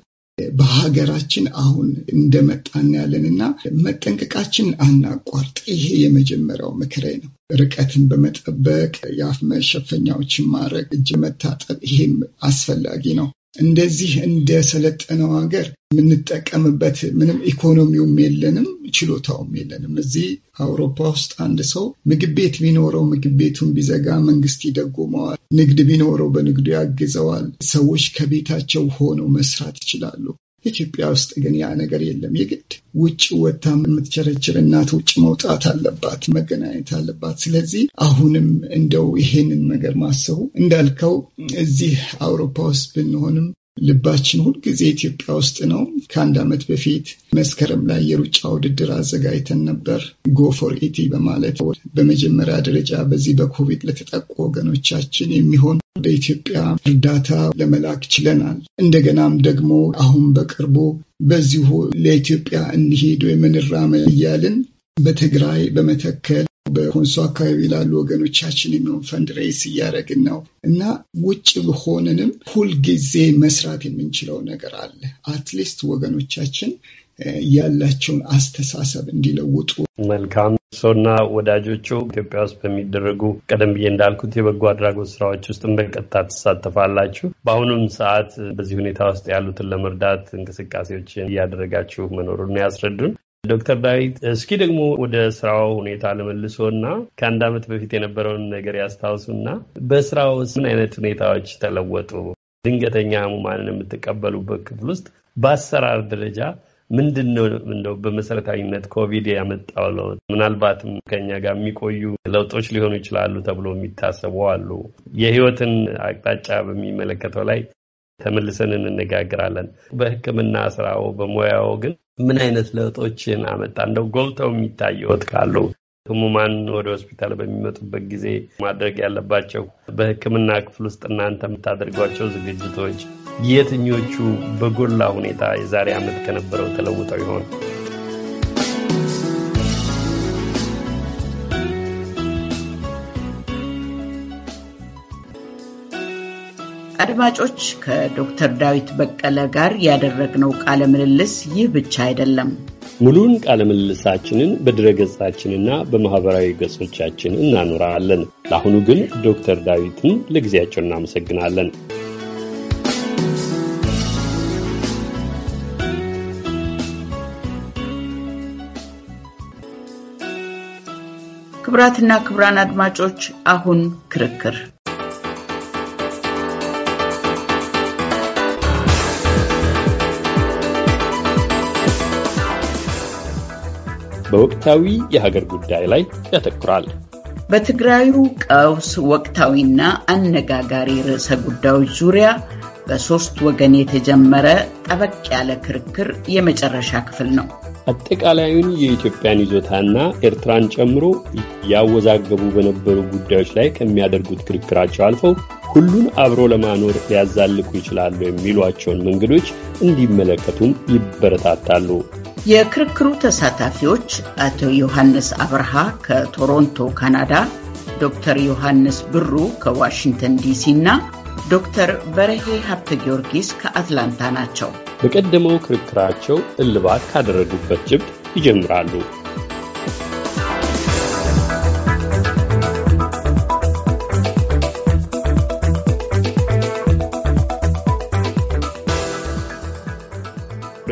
በሀገራችን አሁን እንደመጣን ያለን እና መጠንቀቃችን አናቋርጥ። ይሄ የመጀመሪያው ምክሬ ነው። ርቀትን በመጠበቅ የአፍ መሸፈኛዎችን ማድረግ፣ እጅ መታጠብ፣ ይሄም አስፈላጊ ነው። እንደዚህ እንደሰለጠነው ሀገር የምንጠቀምበት ምንም ኢኮኖሚውም የለንም፣ ችሎታውም የለንም። እዚህ አውሮፓ ውስጥ አንድ ሰው ምግብ ቤት ቢኖረው ምግብ ቤቱን ቢዘጋ መንግስት ይደጉመዋል። ንግድ ቢኖረው በንግዱ ያግዘዋል። ሰዎች ከቤታቸው ሆነው መስራት ይችላሉ። ኢትዮጵያ ውስጥ ግን ያ ነገር የለም። የግድ ውጭ ወታ የምትቸረችር እናት ውጭ መውጣት አለባት፣ መገናኘት አለባት። ስለዚህ አሁንም እንደው ይሄንን ነገር ማሰቡ እንዳልከው እዚህ አውሮፓ ውስጥ ብንሆንም ልባችን ሁልጊዜ ኢትዮጵያ ውስጥ ነው። ከአንድ ዓመት በፊት መስከረም ላይ የሩጫ ውድድር አዘጋጅተን ነበር፣ ጎፎር ኢቲ በማለት በመጀመሪያ ደረጃ በዚህ በኮቪድ ለተጠቁ ወገኖቻችን የሚሆን ኢትዮጵያ እርዳታ ለመላክ ችለናል። እንደገናም ደግሞ አሁን በቅርቡ በዚሁ ለኢትዮጵያ እንሂድ ወይም እንራመድ እያልን በትግራይ በመተከል በኮንሶ አካባቢ ላሉ ወገኖቻችን የሚሆን ፈንድሬስ እያደረግን ነው እና ውጭ ብሆንንም ሁልጊዜ መስራት የምንችለው ነገር አለ። አትሊስት ወገኖቻችን ያላቸውን አስተሳሰብ እንዲለውጡ መልካም ሰውና ወዳጆቹ ኢትዮጵያ ውስጥ በሚደረጉ ቀደም ብዬ እንዳልኩት የበጎ አድራጎት ስራዎች ውስጥም በቀጥታ ትሳተፋላችሁ። በአሁኑም ሰዓት በዚህ ሁኔታ ውስጥ ያሉትን ለመርዳት እንቅስቃሴዎችን እያደረጋችሁ መኖሩን ያስረዱን። ዶክተር ዳዊት እስኪ ደግሞ ወደ ስራው ሁኔታ ለመልሶ እና ከአንድ ዓመት በፊት የነበረውን ነገር ያስታውሱ እና በስራው ውስጥ ምን አይነት ሁኔታዎች ተለወጡ? ድንገተኛ ህሙማንን የምትቀበሉበት ክፍል ውስጥ በአሰራር ደረጃ ምንድን ነው እንደው በመሰረታዊነት ኮቪድ ያመጣው ለውጥ? ምናልባትም ከኛ ጋር የሚቆዩ ለውጦች ሊሆኑ ይችላሉ ተብሎ የሚታሰቡ አሉ። የህይወትን አቅጣጫ በሚመለከተው ላይ ተመልሰን እንነጋግራለን። በህክምና ስራው በሙያው ግን ምን አይነት ለውጦችን አመጣ? እንደው ጎልተው የሚታየዎት ካሉ ህሙማን ወደ ሆስፒታል በሚመጡበት ጊዜ ማድረግ ያለባቸው በህክምና ክፍል ውስጥ እናንተ የምታደርጓቸው ዝግጅቶች የትኞቹ በጎላ ሁኔታ የዛሬ ዓመት ከነበረው ተለውጠው ይሆን? አድማጮች ከዶክተር ዳዊት በቀለ ጋር ያደረግነው ቃለ ምልልስ ይህ ብቻ አይደለም። ሙሉውን ቃለ ምልልሳችንን በድረገጻችንና በማኅበራዊ ገጾቻችን እናኖራለን። ለአሁኑ ግን ዶክተር ዳዊትን ለጊዜያቸው እናመሰግናለን። ክቡራትና ክቡራን አድማጮች አሁን ክርክር በወቅታዊ የሀገር ጉዳይ ላይ ያተኩራል። በትግራዩ ቀውስ ወቅታዊና አነጋጋሪ ርዕሰ ጉዳዮች ዙሪያ በሶስት ወገን የተጀመረ ጠበቅ ያለ ክርክር የመጨረሻ ክፍል ነው። አጠቃላዩን የኢትዮጵያን ይዞታና ኤርትራን ጨምሮ ያወዛገቡ በነበሩ ጉዳዮች ላይ ከሚያደርጉት ክርክራቸው አልፈው ሁሉን አብሮ ለማኖር ሊያዛልቁ ይችላሉ የሚሏቸውን መንገዶች እንዲመለከቱም ይበረታታሉ። የክርክሩ ተሳታፊዎች አቶ ዮሐንስ አብርሃ ከቶሮንቶ ካናዳ፣ ዶክተር ዮሐንስ ብሩ ከዋሽንግተን ዲሲ እና ዶክተር በረሄ ሀብተ ጊዮርጊስ ከአትላንታ ናቸው። በቀደመው ክርክራቸው እልባት ካደረጉበት ጭብጥ ይጀምራሉ።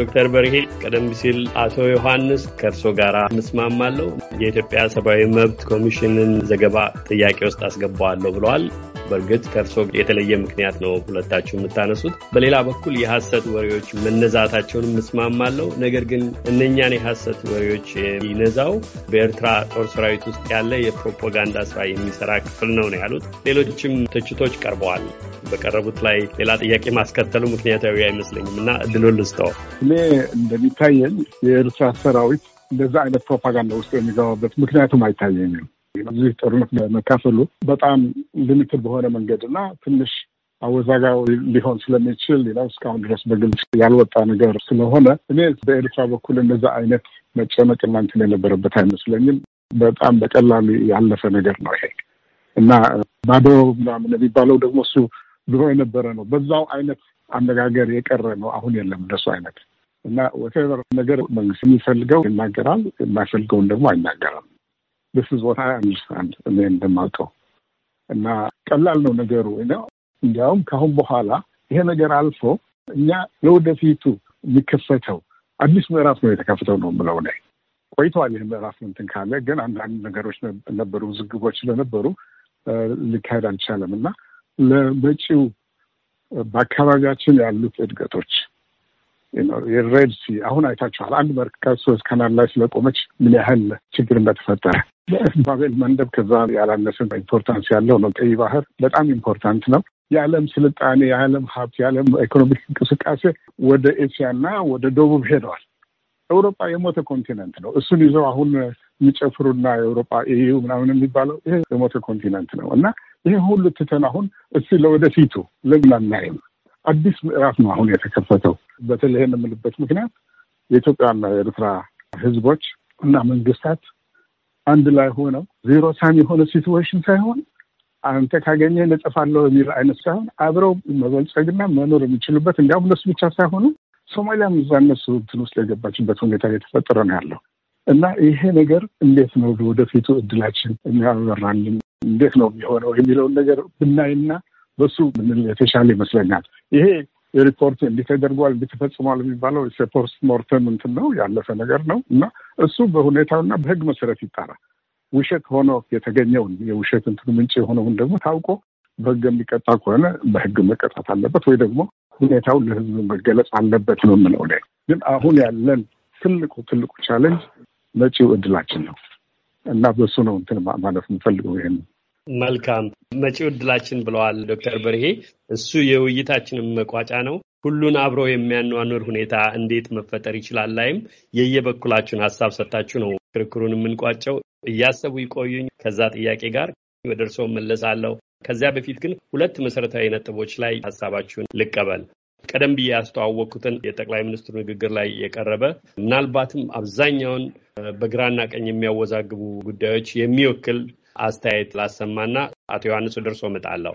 ዶክተር በርሄ ቀደም ሲል አቶ ዮሐንስ ከእርሶ ጋር እንስማማለሁ የኢትዮጵያ ሰብአዊ መብት ኮሚሽንን ዘገባ ጥያቄ ውስጥ አስገባዋለሁ ብለዋል። በእርግጥ ከእርሶ የተለየ ምክንያት ነው ሁለታችሁ የምታነሱት። በሌላ በኩል የሐሰት ወሬዎች መነዛታቸውን የምስማማለው። ነገር ግን እነኛን የሐሰት ወሬዎች የሚነዛው በኤርትራ ጦር ሰራዊት ውስጥ ያለ የፕሮፓጋንዳ ስራ የሚሰራ ክፍል ነው ነው ያሉት። ሌሎችም ትችቶች ቀርበዋል። በቀረቡት ላይ ሌላ ጥያቄ ማስከተሉ ምክንያታዊ አይመስለኝም እና እድሉን ልስጠው። እኔ እንደሚታየኝ የኤርትራ ሰራዊት እንደዛ አይነት ፕሮፓጋንዳ ውስጥ የሚገባበት ምክንያቱም አይታየኝም። በዚህ ጦርነት መካፈሉ በጣም ሊሚትድ በሆነ መንገድ እና ትንሽ አወዛጋው ሊሆን ስለሚችል ነው እስካሁን ድረስ በግልጽ ያልወጣ ነገር ስለሆነ እኔ በኤርትራ በኩል እንደዛ አይነት መጨመቅ እናንትን የነበረበት አይመስለኝም። በጣም በቀላሉ ያለፈ ነገር ነው ይሄ እና ባዶ ምናምን የሚባለው ደግሞ እሱ ድሮ የነበረ ነው። በዛው አይነት አነጋገር የቀረ ነው። አሁን የለም እንደሱ አይነት እና ወቴቨር ነገር መንግስት የሚፈልገው ይናገራል፣ የማይፈልገውን ደግሞ አይናገራል። ስ ቦታ አንደርስታንድ እኔ እንደማውቀው እና ቀላል ነው ነገሩ ነው። እንዲያውም ከአሁን በኋላ ይሄ ነገር አልፎ እኛ ለወደፊቱ የሚከፈተው አዲስ ምዕራፍ ነው የተከፍተው ነው ምለው ላይ ቆይተዋል ይህ ምዕራፍ ምንትን ካለ ግን አንዳንድ ነገሮች ነበሩ፣ ዝግቦች ስለነበሩ ሊካሄድ አልቻለም እና ለመጪው በአካባቢያችን ያሉት እድገቶች የሬድ ሲ አሁን አይታችኋል። አንድ መርከብ ሶስት ካናል ላይ ስለቆመች ምን ያህል ችግር እንደተፈጠረ ለባቤል መንደብ ከዛ ያላነሰ ኢምፖርታንስ ያለው ነው። ቀይ ባህር በጣም ኢምፖርታንት ነው። የዓለም ስልጣኔ፣ የዓለም ሀብት፣ የዓለም ኢኮኖሚክ እንቅስቃሴ ወደ ኤስያና ወደ ደቡብ ሄደዋል። ኤውሮጳ የሞተ ኮንቲነንት ነው። እሱን ይዘው አሁን የሚጨፍሩና ኤውሮጳ ኢዩ ምናምን የሚባለው ይሄ የሞተ ኮንቲነንት ነው እና ይሄ ሁሉ ትተን አሁን እስቲ ለወደፊቱ ለምን አናይም? አዲስ ምዕራፍ ነው አሁን የተከፈተው። በተለይ የምልበት ምክንያት የኢትዮጵያና የኤርትራ ህዝቦች እና መንግስታት አንድ ላይ ሆነው ዜሮ ሳም የሆነ ሲትዌሽን ሳይሆን አንተ ካገኘ ነጠፋለሁ የሚል አይነት ሳይሆን አብረው መበልጸግና መኖር የሚችሉበት እንዲያውም እነሱ ብቻ ሳይሆኑ ሶማሊያም እዛ እነሱ እንትን ውስጥ የገባችበት ሁኔታ የተፈጠረ ነው ያለው እና ይሄ ነገር እንዴት ነው ወደፊቱ እድላችን የሚያበራልን እንዴት ነው የሚሆነው የሚለውን ነገር ብናይና በሱ ምንል የተሻለ ይመስለኛል። ይሄ የሪፖርት እንዲህ ተደርጓል እንዲህ ተፈጽሟል የሚባለው ፖስት ሞርተም እንትን ነው ያለፈ ነገር ነው እና እሱ በሁኔታውና በህግ መሰረት ይጣራል። ውሸት ሆኖ የተገኘውን የውሸት እንትን ምንጭ የሆነውን ደግሞ ታውቆ በህግ የሚቀጣ ከሆነ በህግ መቀጣት አለበት ወይ ደግሞ ሁኔታው ለህዝብ መገለጽ አለበት ነው የምለው። ላይ ግን አሁን ያለን ትልቁ ትልቁ ቻለንጅ መጪው እድላችን ነው እና በሱ ነው እንትን ማለፍ የምፈልገው ይህን መልካም መጪው እድላችን ብለዋል ዶክተር በርሄ። እሱ የውይይታችንን መቋጫ ነው። ሁሉን አብሮ የሚያኗኑር ሁኔታ እንዴት መፈጠር ይችላል ላይም የየበኩላችሁን ሀሳብ ሰጥታችሁ ነው ክርክሩን የምንቋጨው። እያሰቡ ይቆዩኝ። ከዛ ጥያቄ ጋር ወደ እርስዎ መለሳለሁ። ከዚያ በፊት ግን ሁለት መሰረታዊ ነጥቦች ላይ ሀሳባችሁን ልቀበል። ቀደም ብዬ ያስተዋወቅኩትን የጠቅላይ ሚኒስትሩ ንግግር ላይ የቀረበ ምናልባትም አብዛኛውን በግራና ቀኝ የሚያወዛግቡ ጉዳዮች የሚወክል አስተያየት ላሰማና አቶ ዮሐንስ ደርሶ እመጣለሁ።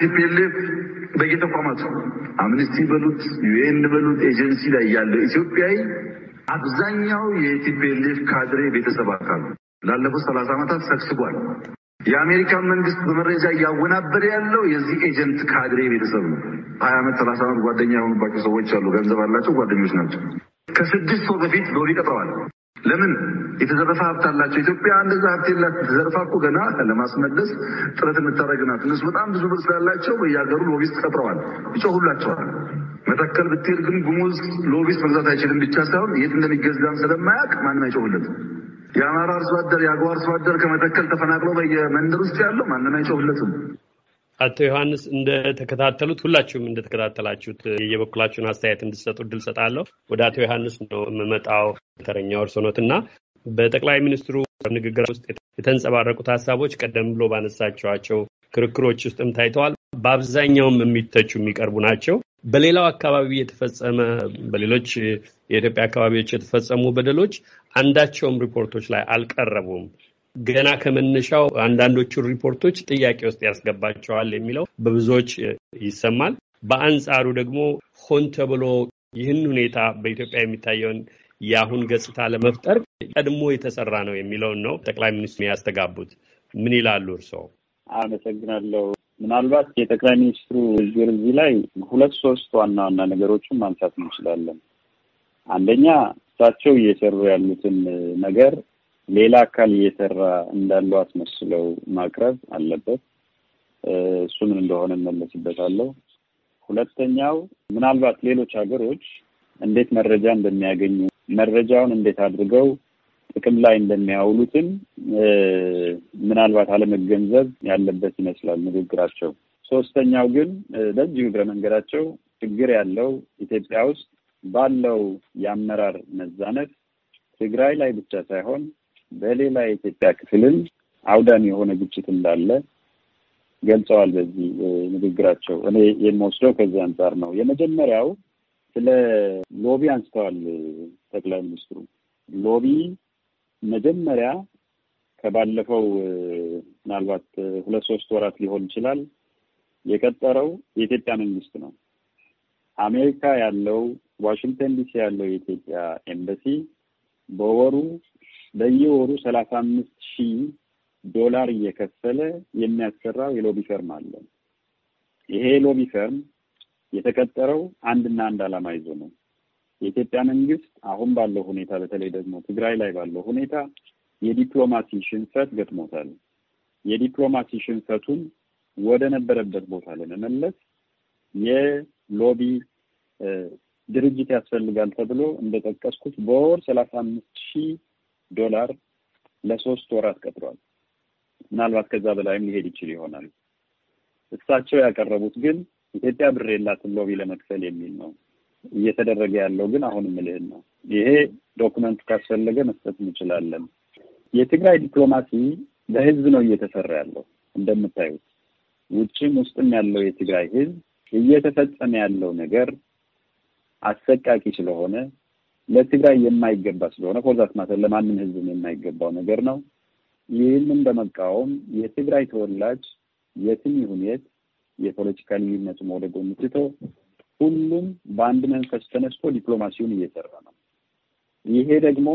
ቲፒኤልኤፍ በየተቋማቱ አምኒስቲ በሉት ዩኤን በሉት ኤጀንሲ ላይ ያለው ኢትዮጵያዊ አብዛኛው የቲፒኤልኤፍ ካድሬ ቤተሰብ አካል ላለፉት ሰላሳ ዓመታት ሰግስጓል። የአሜሪካን መንግስት በመረጃ እያወናበደ ያለው የዚህ ኤጀንት ካድሬ ቤተሰብ ነው። ሀያ ዓመት ሰላሳ ዓመት ጓደኛ የሆኑባቸው ሰዎች አሉ። ገንዘብ አላቸው፣ ጓደኞች ናቸው። ከስድስት ሰው በፊት ዶሪ ቀጥረዋል። ለምን የተዘረፈ ሀብት አላቸው። ኢትዮጵያ እንደዛ ሀብት የላት። ተዘርፋ እኮ ገና ለማስመለስ ጥረት የምታደርግ ናት። እነሱ በጣም ብዙ ብር ስላላቸው በየሀገሩ ሎቢስት ቀጥረዋል፣ ይጮሁላቸዋል። መተከል ብትሄድ ግን ጉሙዝ ሎቢስት መግዛት አይችልም ብቻ ሳይሆን የት እንደሚገዛም ስለማያውቅ ማንም አይጮሁለትም። የአማራ አርሶ አደር፣ የአገው አርሶ አደር ከመተከል ተፈናቅሎ በየመንደር ውስጥ ያለው ማንም አይጮሁለትም። አቶ ዮሐንስ እንደተከታተሉት ሁላችሁም እንደተከታተላችሁት የበኩላችሁን አስተያየት እንድሰጡ እድል ሰጣለሁ። ወደ አቶ ዮሐንስ ነው የምመጣው። ተረኛ እርስዎት እና በጠቅላይ ሚኒስትሩ ንግግር ውስጥ የተንጸባረቁት ሀሳቦች ቀደም ብሎ ባነሳቸዋቸው ክርክሮች ውስጥም ታይተዋል። በአብዛኛውም የሚተቹ የሚቀርቡ ናቸው። በሌላው አካባቢ የተፈጸመ በሌሎች የኢትዮጵያ አካባቢዎች የተፈጸሙ በደሎች አንዳቸውም ሪፖርቶች ላይ አልቀረቡም። ገና ከመነሻው አንዳንዶቹ ሪፖርቶች ጥያቄ ውስጥ ያስገባቸዋል የሚለው በብዙዎች ይሰማል። በአንጻሩ ደግሞ ሆን ተብሎ ይህን ሁኔታ በኢትዮጵያ የሚታየውን የአሁን ገጽታ ለመፍጠር ቀድሞ የተሰራ ነው የሚለውን ነው ጠቅላይ ሚኒስትሩ ያስተጋቡት። ምን ይላሉ እርስዎ? አመሰግናለሁ። ምናልባት የጠቅላይ ሚኒስትሩ ዝርዝር እዚህ ላይ ሁለት ሶስት ዋና ዋና ነገሮችን ማንሳት እንችላለን። አንደኛ እሳቸው እየሰሩ ያሉትን ነገር ሌላ አካል እየሰራ እንዳለው አስመስለው ማቅረብ አለበት። እሱ ምን እንደሆነ እመለስበታለሁ። ሁለተኛው ምናልባት ሌሎች ሀገሮች እንዴት መረጃ እንደሚያገኙ መረጃውን እንዴት አድርገው ጥቅም ላይ እንደሚያውሉትም ምናልባት አለመገንዘብ ያለበት ይመስላል ንግግራቸው። ሶስተኛው ግን በዚሁ እግረ መንገዳቸው ችግር ያለው ኢትዮጵያ ውስጥ ባለው የአመራር መዛነት ትግራይ ላይ ብቻ ሳይሆን በሌላ የኢትዮጵያ ክፍልም አውዳሚ የሆነ ግጭት እንዳለ ገልጸዋል። በዚህ ንግግራቸው እኔ የምወስደው ከዚህ አንጻር ነው። የመጀመሪያው ስለ ሎቢ አንስተዋል ጠቅላይ ሚኒስትሩ። ሎቢ መጀመሪያ ከባለፈው ምናልባት ሁለት ሶስት ወራት ሊሆን ይችላል የቀጠረው የኢትዮጵያ መንግስት ነው። አሜሪካ ያለው ዋሽንግተን ዲሲ ያለው የኢትዮጵያ ኤምባሲ በወሩ በየወሩ ሰላሳ አምስት ሺህ ዶላር እየከፈለ የሚያሰራው የሎቢ ፈርም አለ። ይሄ ሎቢ ፈርም የተቀጠረው አንድና አንድ ዓላማ ይዞ ነው። የኢትዮጵያ መንግስት አሁን ባለው ሁኔታ በተለይ ደግሞ ትግራይ ላይ ባለው ሁኔታ የዲፕሎማሲ ሽንፈት ገጥሞታል። የዲፕሎማሲ ሽንፈቱን ወደ ነበረበት ቦታ ለመመለስ የሎቢ ድርጅት ያስፈልጋል ተብሎ እንደጠቀስኩት በወር ሰላሳ አምስት ሺህ ዶላር ለሶስት ወራት ቀጥሯል። ምናልባት ከዛ በላይም ሊሄድ ይችል ይሆናል። እሳቸው ያቀረቡት ግን ኢትዮጵያ ብር የላትን ሎቢ ለመክፈል የሚል ነው። እየተደረገ ያለው ግን አሁንም ልህን ነው። ይሄ ዶክመንት ካስፈለገ መስጠት እንችላለን። የትግራይ ዲፕሎማሲ ለህዝብ ነው እየተሰራ ያለው። እንደምታዩት ውጭም ውስጥም ያለው የትግራይ ህዝብ እየተፈጸመ ያለው ነገር አሰቃቂ ስለሆነ ለትግራይ የማይገባ ስለሆነ ፎርዛት ማተር ለማንም ህዝብ የማይገባው ነገር ነው። ይህንን በመቃወም የትግራይ ተወላጅ የትም ይሁን የት የፖለቲካ ልዩነቱ ወደ ጎን ትቶ ሁሉም በአንድ መንፈስ ተነስቶ ዲፕሎማሲውን እየሰራ ነው። ይሄ ደግሞ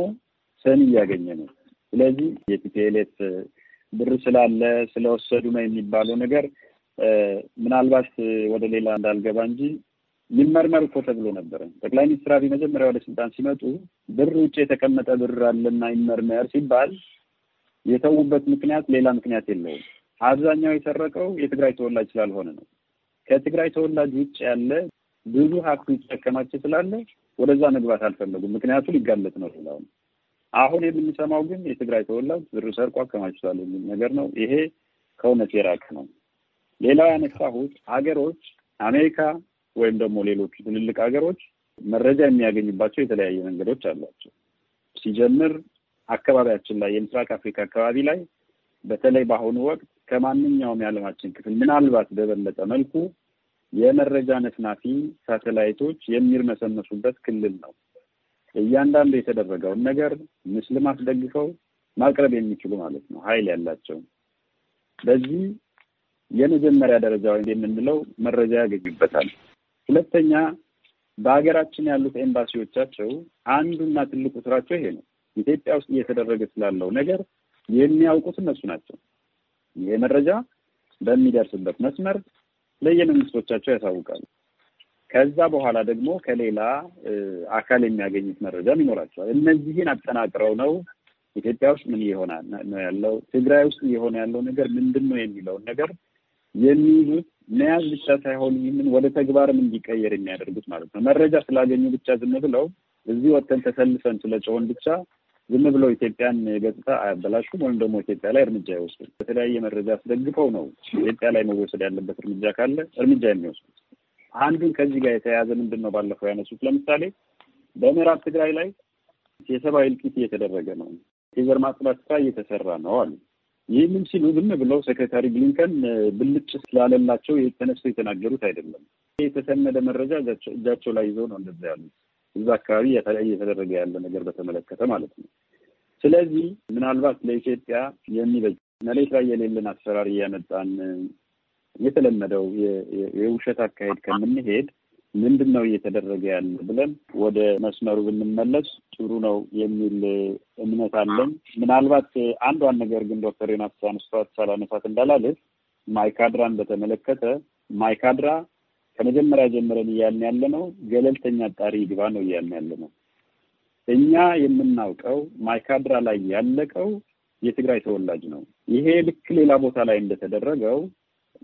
ሰን እያገኘ ነው። ስለዚህ የቲፒኤልኤፍ ብር ስላለ ስለወሰዱ ነው የሚባለው ነገር ምናልባት ወደ ሌላ እንዳልገባ እንጂ ይመርመር እኮ ተብሎ ነበረ። ጠቅላይ ሚኒስትር አብይ መጀመሪያ ወደ ስልጣን ሲመጡ ብር ውጭ የተቀመጠ ብር አለና ይመርመር ሲባል የተዉበት ምክንያት ሌላ ምክንያት የለውም። አብዛኛው የሰረቀው የትግራይ ተወላጅ ስላልሆነ ነው። ከትግራይ ተወላጅ ውጭ ያለ ብዙ ሀብት ይጠቀማቸው ስላለ ወደዛ መግባት አልፈለጉም። ምክንያቱ ሊጋለጥ ነው ሌላው አሁን የምንሰማው ግን የትግራይ ተወላጅ ብር ሰርቆ አከማችቷል የሚል ነገር ነው። ይሄ ከእውነት የራቀ ነው። ሌላው ያነሳሁት ሀገሮች አሜሪካ ወይም ደግሞ ሌሎቹ ትልልቅ ሀገሮች መረጃ የሚያገኙባቸው የተለያየ መንገዶች አሏቸው። ሲጀምር አካባቢያችን ላይ የምስራቅ አፍሪካ አካባቢ ላይ በተለይ በአሁኑ ወቅት ከማንኛውም የዓለማችን ክፍል ምናልባት በበለጠ መልኩ የመረጃ ነፍናፊ ሳተላይቶች የሚርመሰመሱበት ክልል ነው። እያንዳንዱ የተደረገውን ነገር ምስል ማስደግፈው ማቅረብ የሚችሉ ማለት ነው፣ ኃይል ያላቸው በዚህ የመጀመሪያ ደረጃ የምንለው መረጃ ያገኙበታል። ሁለተኛ በሀገራችን ያሉት ኤምባሲዎቻቸው አንዱና ትልቁ ስራቸው ይሄ ነው። ኢትዮጵያ ውስጥ እየተደረገ ስላለው ነገር የሚያውቁት እነሱ ናቸው። ይሄ መረጃ በሚደርስበት መስመር ለየመንግስቶቻቸው ያሳውቃሉ። ከዛ በኋላ ደግሞ ከሌላ አካል የሚያገኙት መረጃም ይኖራቸዋል። እነዚህን አጠናቅረው ነው ኢትዮጵያ ውስጥ ምን እየሆነ ነው ያለው፣ ትግራይ ውስጥ እየሆነ ያለው ነገር ምንድን ነው የሚለውን ነገር የሚይዙት መያዝ ብቻ ሳይሆን ይህንን ወደ ተግባርም እንዲቀየር የሚያደርጉት ማለት ነው። መረጃ ስላገኙ ብቻ ዝም ብለው እዚህ ወጥተን ተሰልፈን ስለጮሆን ብቻ ዝም ብለው ኢትዮጵያን ገጽታ አያበላሹም ወይም ደግሞ ኢትዮጵያ ላይ እርምጃ አይወስዱም። በተለያየ መረጃ አስደግፈው ነው ኢትዮጵያ ላይ መወሰድ ያለበት እርምጃ ካለ እርምጃ የሚወስዱት። አንዱን ከዚህ ጋር የተያያዘ ምንድን ነው ባለፈው ያነሱት፣ ለምሳሌ በምዕራብ ትግራይ ላይ የሰብአዊ እልቂት እየተደረገ ነው፣ የዘር ማጽዳት ስራ እየተሰራ ነው አሉ። ይህንም ሲሉ ዝም ብለው ሴክሬታሪ ብሊንከን ብልጭ ስላለላቸው ተነስተው የተናገሩት አይደለም። የተሰነደ መረጃ እጃቸው ላይ ይዘው ነው እንደዛ ያሉት። እዛ አካባቢ እየተደረገ ያለ ነገር በተመለከተ ማለት ነው። ስለዚህ ምናልባት ለኢትዮጵያ የሚበጅ መሬት ላይ የሌለን አሰራር እያመጣን የተለመደው የውሸት አካሄድ ከምንሄድ ምንድን ነው እየተደረገ ያለ ብለን ወደ መስመሩ ብንመለስ ጥሩ ነው የሚል እምነት አለን። ምናልባት አንዷን ነገር ግን ዶክተር ዮናስ ሳንስቷት ሳላነሳት እንዳላለፍ ማይካድራን በተመለከተ ማይካድራ ከመጀመሪያ ጀምረን እያልን ያለ ነው ገለልተኛ አጣሪ ይግባ ነው እያልን ያለ ነው። እኛ የምናውቀው ማይካድራ ላይ ያለቀው የትግራይ ተወላጅ ነው። ይሄ ልክ ሌላ ቦታ ላይ እንደተደረገው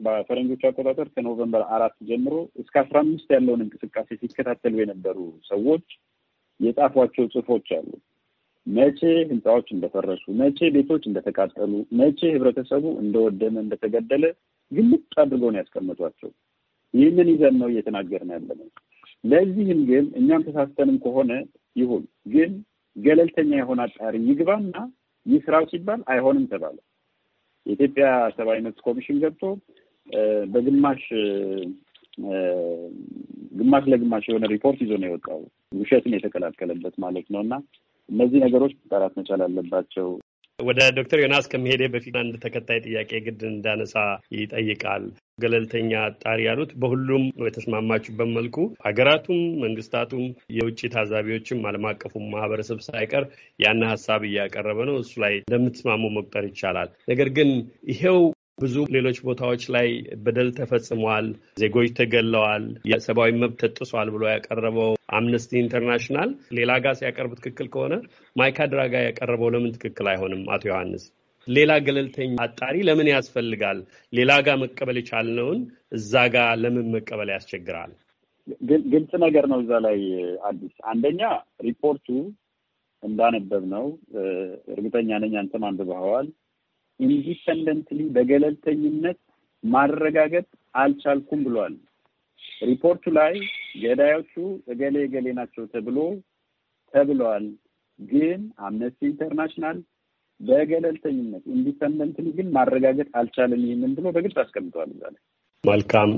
በፈረንጆቹ አቆጣጠር ከኖቨምበር አራት ጀምሮ እስከ አስራ አምስት ያለውን እንቅስቃሴ ሲከታተሉ የነበሩ ሰዎች የጻፏቸው ጽሁፎች አሉ። መቼ ህንፃዎች እንደፈረሱ፣ መቼ ቤቶች እንደተቃጠሉ፣ መቼ ህብረተሰቡ እንደወደመ፣ እንደተገደለ ግልጥ አድርገው ነው ያስቀመጧቸው። ይህንን ይዘን ነው እየተናገርን ያለ ነው። ለዚህም ግን እኛም ተሳስተንም ከሆነ ይሁን፣ ግን ገለልተኛ የሆነ አጣሪ ይግባና ይህ ስራው ሲባል አይሆንም ተባለ። የኢትዮጵያ ሰብአዊ መብት ኮሚሽን ገብቶ በግማሽ ግማሽ ለግማሽ የሆነ ሪፖርት ይዞ ነው የወጣው። ውሸት ነው የተቀላቀለበት ማለት ነው። እና እነዚህ ነገሮች መጣራት መቻል አለባቸው። ወደ ዶክተር ዮናስ ከመሄዴ በፊት አንድ ተከታይ ጥያቄ ግድ እንዳነሳ ይጠይቃል። ገለልተኛ አጣሪ ያሉት በሁሉም የተስማማችበት መልኩ ሀገራቱም መንግስታቱም የውጭ ታዛቢዎችም ዓለም አቀፉ ማህበረሰብ ሳይቀር ያን ሀሳብ እያቀረበ ነው። እሱ ላይ እንደምትስማሙ መቁጠር ይቻላል። ነገር ግን ይሄው ብዙ ሌሎች ቦታዎች ላይ በደል ተፈጽሟል፣ ዜጎች ተገለዋል፣ የሰብአዊ መብት ተጥሷል ብሎ ያቀረበው አምነስቲ ኢንተርናሽናል ሌላ ጋ ሲያቀርብ ትክክል ከሆነ ማይካድራ ጋ ያቀረበው ለምን ትክክል አይሆንም? አቶ ዮሐንስ ሌላ ገለልተኛ አጣሪ ለምን ያስፈልጋል? ሌላ ጋ መቀበል የቻልነውን እዛ ጋ ለምን መቀበል ያስቸግራል? ግልጽ ነገር ነው። እዛ ላይ አዲስ አንደኛ ሪፖርቱ እንዳነበብ ነው እርግጠኛ ነኝ አንተም አንብበኸዋል ኢንዲፐንደንትሊ በገለልተኝነት ማረጋገጥ አልቻልኩም ብሏል። ሪፖርቱ ላይ ገዳዮቹ እገሌ እገሌ ናቸው ተብሎ ተብለዋል። ግን አምነስቲ ኢንተርናሽናል በገለልተኝነት ኢንዲፐንደንትሊ ግን ማረጋገጥ አልቻለም ይህንን ብሎ በግልጽ አስቀምጠዋል። እዛ ላይ መልካም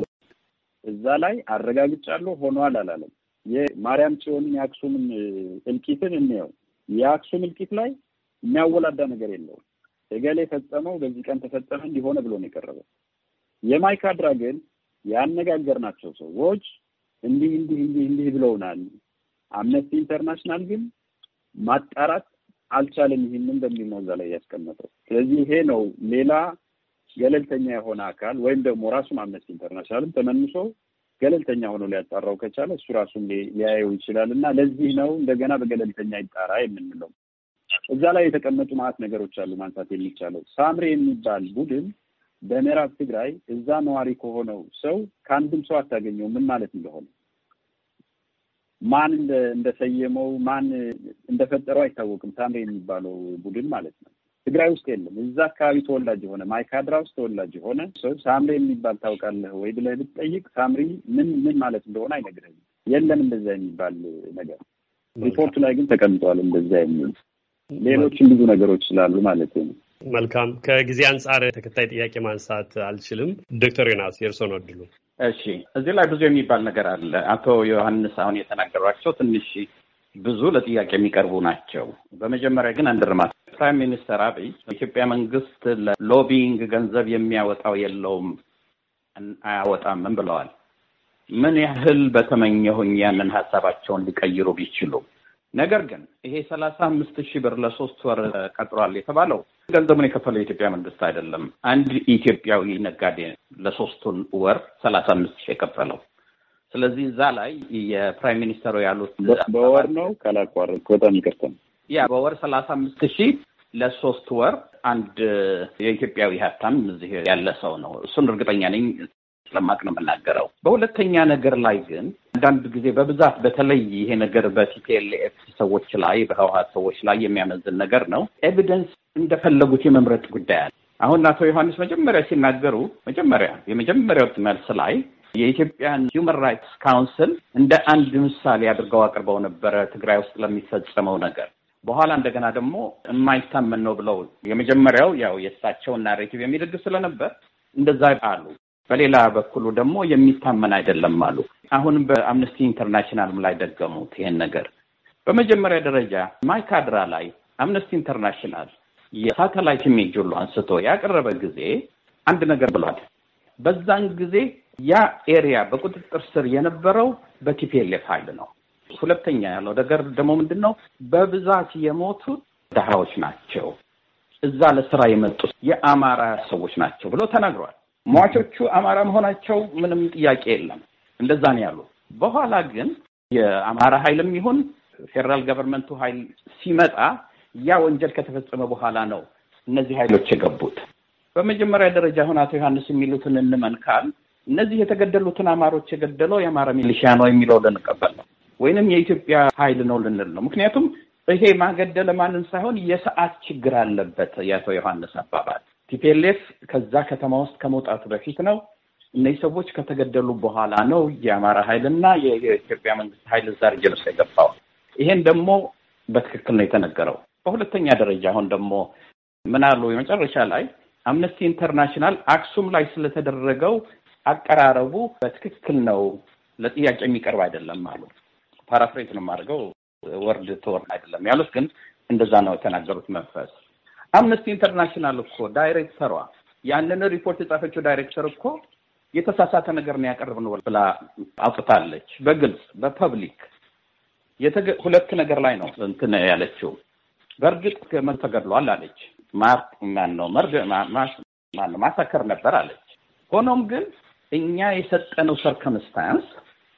እዛ ላይ አረጋግጫለሁ ሆኗል አላለም። የማርያም ጽዮንን የአክሱምን እልቂትን እንየው። የአክሱም እልቂት ላይ የሚያወላዳ ነገር የለውም። እገሌ የፈጸመው በዚህ ቀን ተፈጸመ እንዲሆነ ብሎ ነው የቀረበው። የማይካድራ ግን ያነጋገርናቸው ሰዎች እንዲህ እንዲህ እንዲህ እንዲህ ብለውናል። አምነስቲ ኢንተርናሽናል ግን ማጣራት አልቻለም። ይህንን በሚል ነው እዛ ላይ ያስቀመጠው። ስለዚህ ይሄ ነው ሌላ ገለልተኛ የሆነ አካል ወይም ደግሞ ራሱም አምነስቲ ኢንተርናሽናልም ተመልሶ ገለልተኛ ሆኖ ሊያጣራው ከቻለ እሱ ራሱም ሊያየው ይችላል እና ለዚህ ነው እንደገና በገለልተኛ ይጣራ የምንለው። እዛ ላይ የተቀመጡ ማለት ነገሮች አሉ ማንሳት የሚቻለው ሳምሬ የሚባል ቡድን በምዕራብ ትግራይ እዛ ነዋሪ ከሆነው ሰው ከአንድም ሰው አታገኘው ምን ማለት እንደሆነ ማን እንደሰየመው ማን እንደፈጠረው አይታወቅም። ሳምሬ የሚባለው ቡድን ማለት ነው። ትግራይ ውስጥ የለም። እዛ አካባቢ ተወላጅ የሆነ ማይካድራ ውስጥ ተወላጅ የሆነ ሰው ሳምሬ የሚባል ታውቃለህ ወይ ብለህ ብትጠይቅ ሳምሪ ምን ምን ማለት እንደሆነ አይነግርህም። የለም እንደዛ የሚባል ነገር ሪፖርቱ ላይ ግን ተቀምጠዋል እንደዛ የሚል ሌሎችም ብዙ ነገሮች ስላሉ ማለት ነው። መልካም ከጊዜ አንጻር ተከታይ ጥያቄ ማንሳት አልችልም። ዶክተር ዮናስ የእርስዎ ነው እድሉ። እሺ እዚህ ላይ ብዙ የሚባል ነገር አለ። አቶ ዮሐንስ አሁን የተናገሯቸው ትንሽ ብዙ ለጥያቄ የሚቀርቡ ናቸው። በመጀመሪያ ግን አንድ እርማት ፕራይም ሚኒስተር አብይ ኢትዮጵያ መንግስት ለሎቢንግ ገንዘብ የሚያወጣው የለውም አያወጣምም ብለዋል። ምን ያህል በተመኘሁኝ ያንን ሀሳባቸውን ሊቀይሩ ቢችሉም ነገር ግን ይሄ ሰላሳ አምስት ሺህ ብር ለሶስት ወር ቀጥሯል የተባለው ገንዘቡን የከፈለው የኢትዮጵያ መንግስት አይደለም። አንድ ኢትዮጵያዊ ነጋዴ ለሶስቱን ወር ሰላሳ አምስት ሺህ የከፈለው። ስለዚህ እዛ ላይ የፕራይም ሚኒስተሩ ያሉት በወር ነው ካላቋረጥ በጣም ይቅርታል። ያ በወር ሰላሳ አምስት ሺህ ለሶስት ወር አንድ የኢትዮጵያዊ ሀብታም እዚህ ያለ ሰው ነው። እሱን እርግጠኛ ነኝ ስለማቅ ነው የምናገረው። በሁለተኛ ነገር ላይ ግን አንዳንድ ጊዜ በብዛት በተለይ ይሄ ነገር በቲፒኤልኤፍ ሰዎች ላይ በህወሀት ሰዎች ላይ የሚያመዝን ነገር ነው። ኤቪደንስ እንደፈለጉት የመምረጥ ጉዳይ አለ። አሁን አቶ ዮሐንስ መጀመሪያ ሲናገሩ መጀመሪያ የመጀመሪያው መልስ ላይ የኢትዮጵያን ሂውማን ራይትስ ካውንስል እንደ አንድ ምሳሌ አድርገው አቅርበው ነበረ ትግራይ ውስጥ ለሚፈጸመው ነገር። በኋላ እንደገና ደግሞ የማይታመን ነው ብለው የመጀመሪያው ያው የእሳቸውን ናሬቲቭ የሚደግፍ ስለነበር እንደዛ አሉ። በሌላ በኩሉ ደግሞ የሚታመን አይደለም አሉ። አሁን በአምነስቲ ኢንተርናሽናልም ላይ ደገሙት ይሄን ነገር። በመጀመሪያ ደረጃ ማይካድራ ላይ አምነስቲ ኢንተርናሽናል የሳተላይት ኢሜጅ ሁሉ አንስቶ ያቀረበ ጊዜ አንድ ነገር ብሏል። በዛን ጊዜ ያ ኤሪያ በቁጥጥር ስር የነበረው በቲፒኤልኤፍ ኃይል ነው። ሁለተኛ ያለው ነገር ደግሞ ምንድን ነው? በብዛት የሞቱት ድሃዎች ናቸው፣ እዛ ለስራ የመጡት የአማራ ሰዎች ናቸው ብሎ ተናግሯል። ሟቾቹ አማራ መሆናቸው ምንም ጥያቄ የለም። እንደዛ ነው ያሉ። በኋላ ግን የአማራ ኃይልም ይሁን ፌዴራል ገቨርንመንቱ ኃይል ሲመጣ ያ ወንጀል ከተፈጸመ በኋላ ነው እነዚህ ኃይሎች የገቡት። በመጀመሪያ ደረጃ አሁን አቶ ዮሐንስ የሚሉትን እንመንካል። እነዚህ የተገደሉትን አማሮች የገደለው የአማራ ሚሊሺያ ነው የሚለው ልንቀበል ነው ወይንም የኢትዮጵያ ኃይል ነው ልንል ነው። ምክንያቱም ይሄ ማገደለ ማንን ሳይሆን የሰዓት ችግር አለበት የአቶ ዮሐንስ አባባል ቲፒኤልኤፍ ከዛ ከተማ ውስጥ ከመውጣቱ በፊት ነው። እነዚህ ሰዎች ከተገደሉ በኋላ ነው የአማራ ኃይልና የኢትዮጵያ መንግስት ኃይል እዛ እርጅ ልብስ የገባው። ይሄን ደግሞ በትክክል ነው የተነገረው። በሁለተኛ ደረጃ አሁን ደግሞ ምን አሉ? የመጨረሻ ላይ አምነስቲ ኢንተርናሽናል አክሱም ላይ ስለተደረገው አቀራረቡ በትክክል ነው፣ ለጥያቄ የሚቀርብ አይደለም አሉ። ፓራፍሬት ነው የማደርገው፣ ወርድ ተወርድ አይደለም ያሉት፣ ግን እንደዛ ነው የተናገሩት መንፈስ አምነስቲ ኢንተርናሽናል እኮ ዳይሬክተሯ ያንን ሪፖርት የጻፈችው ዳይሬክተር እኮ የተሳሳተ ነገር ነው ያቀርብ ነው ብላ አውጥታለች። በግልጽ በፐብሊክ ሁለት ነገር ላይ ነው እንትን ያለችው። በእርግጥ ገመድ ተገድሏል አለች። ማነው መርድ ማሳከር ነበር አለች። ሆኖም ግን እኛ የሰጠነው ሰርከምስታንስ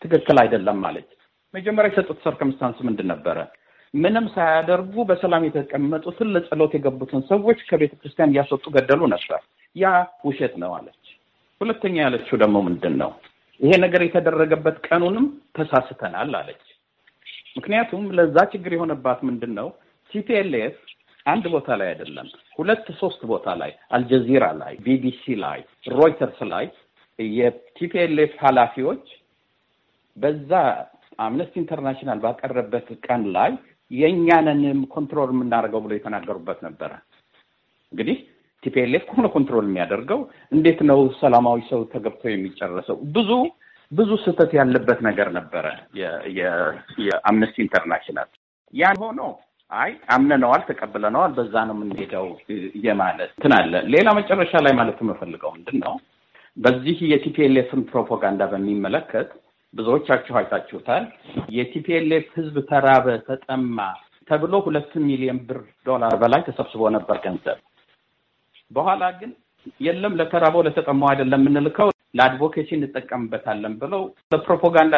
ትክክል አይደለም አለች። መጀመሪያ የሰጡት ሰርከምስታንስ ምንድን ነበረ? ምንም ሳያደርጉ በሰላም የተቀመጡትን ለጸሎት የገቡትን ሰዎች ከቤተ ክርስቲያን እያስወጡ ገደሉ ነበር። ያ ውሸት ነው አለች። ሁለተኛ ያለችው ደግሞ ምንድን ነው? ይሄ ነገር የተደረገበት ቀኑንም ተሳስተናል አለች። ምክንያቱም ለዛ ችግር የሆነባት ምንድን ነው? ሲቲኤልኤፍ አንድ ቦታ ላይ አይደለም፣ ሁለት ሶስት ቦታ ላይ አልጀዚራ ላይ፣ ቢቢሲ ላይ፣ ሮይተርስ ላይ የቲፒኤልኤፍ ኃላፊዎች በዛ አምነስቲ ኢንተርናሽናል ባቀረበት ቀን ላይ የእኛንንም ኮንትሮል የምናደርገው ብሎ የተናገሩበት ነበረ። እንግዲህ ቲፒኤልኤፍ ከሆነ ኮንትሮል የሚያደርገው እንዴት ነው ሰላማዊ ሰው ተገብቶ የሚጨረሰው? ብዙ ብዙ ስህተት ያለበት ነገር ነበረ የአምነስቲ ኢንተርናሽናል። ያን ሆኖ አይ አምነነዋል፣ ተቀብለነዋል፣ በዛ ነው የምንሄደው የማለት እንትን አለ። ሌላ መጨረሻ ላይ ማለት የምፈልገው ምንድን ነው በዚህ የቲፒኤልኤፍን ፕሮፓጋንዳ በሚመለከት ብዙዎቻችሁ አይታችሁታል። የቲፒኤልኤፍ ህዝብ ተራበ፣ ተጠማ ተብሎ ሁለት ሚሊዮን ብር ዶላር በላይ ተሰብስቦ ነበር ገንዘብ። በኋላ ግን የለም ለተራበው ለተጠማው አይደለም የምንልከው ለአድቮኬሲ እንጠቀምበታለን ብለው ለፕሮፓጋንዳ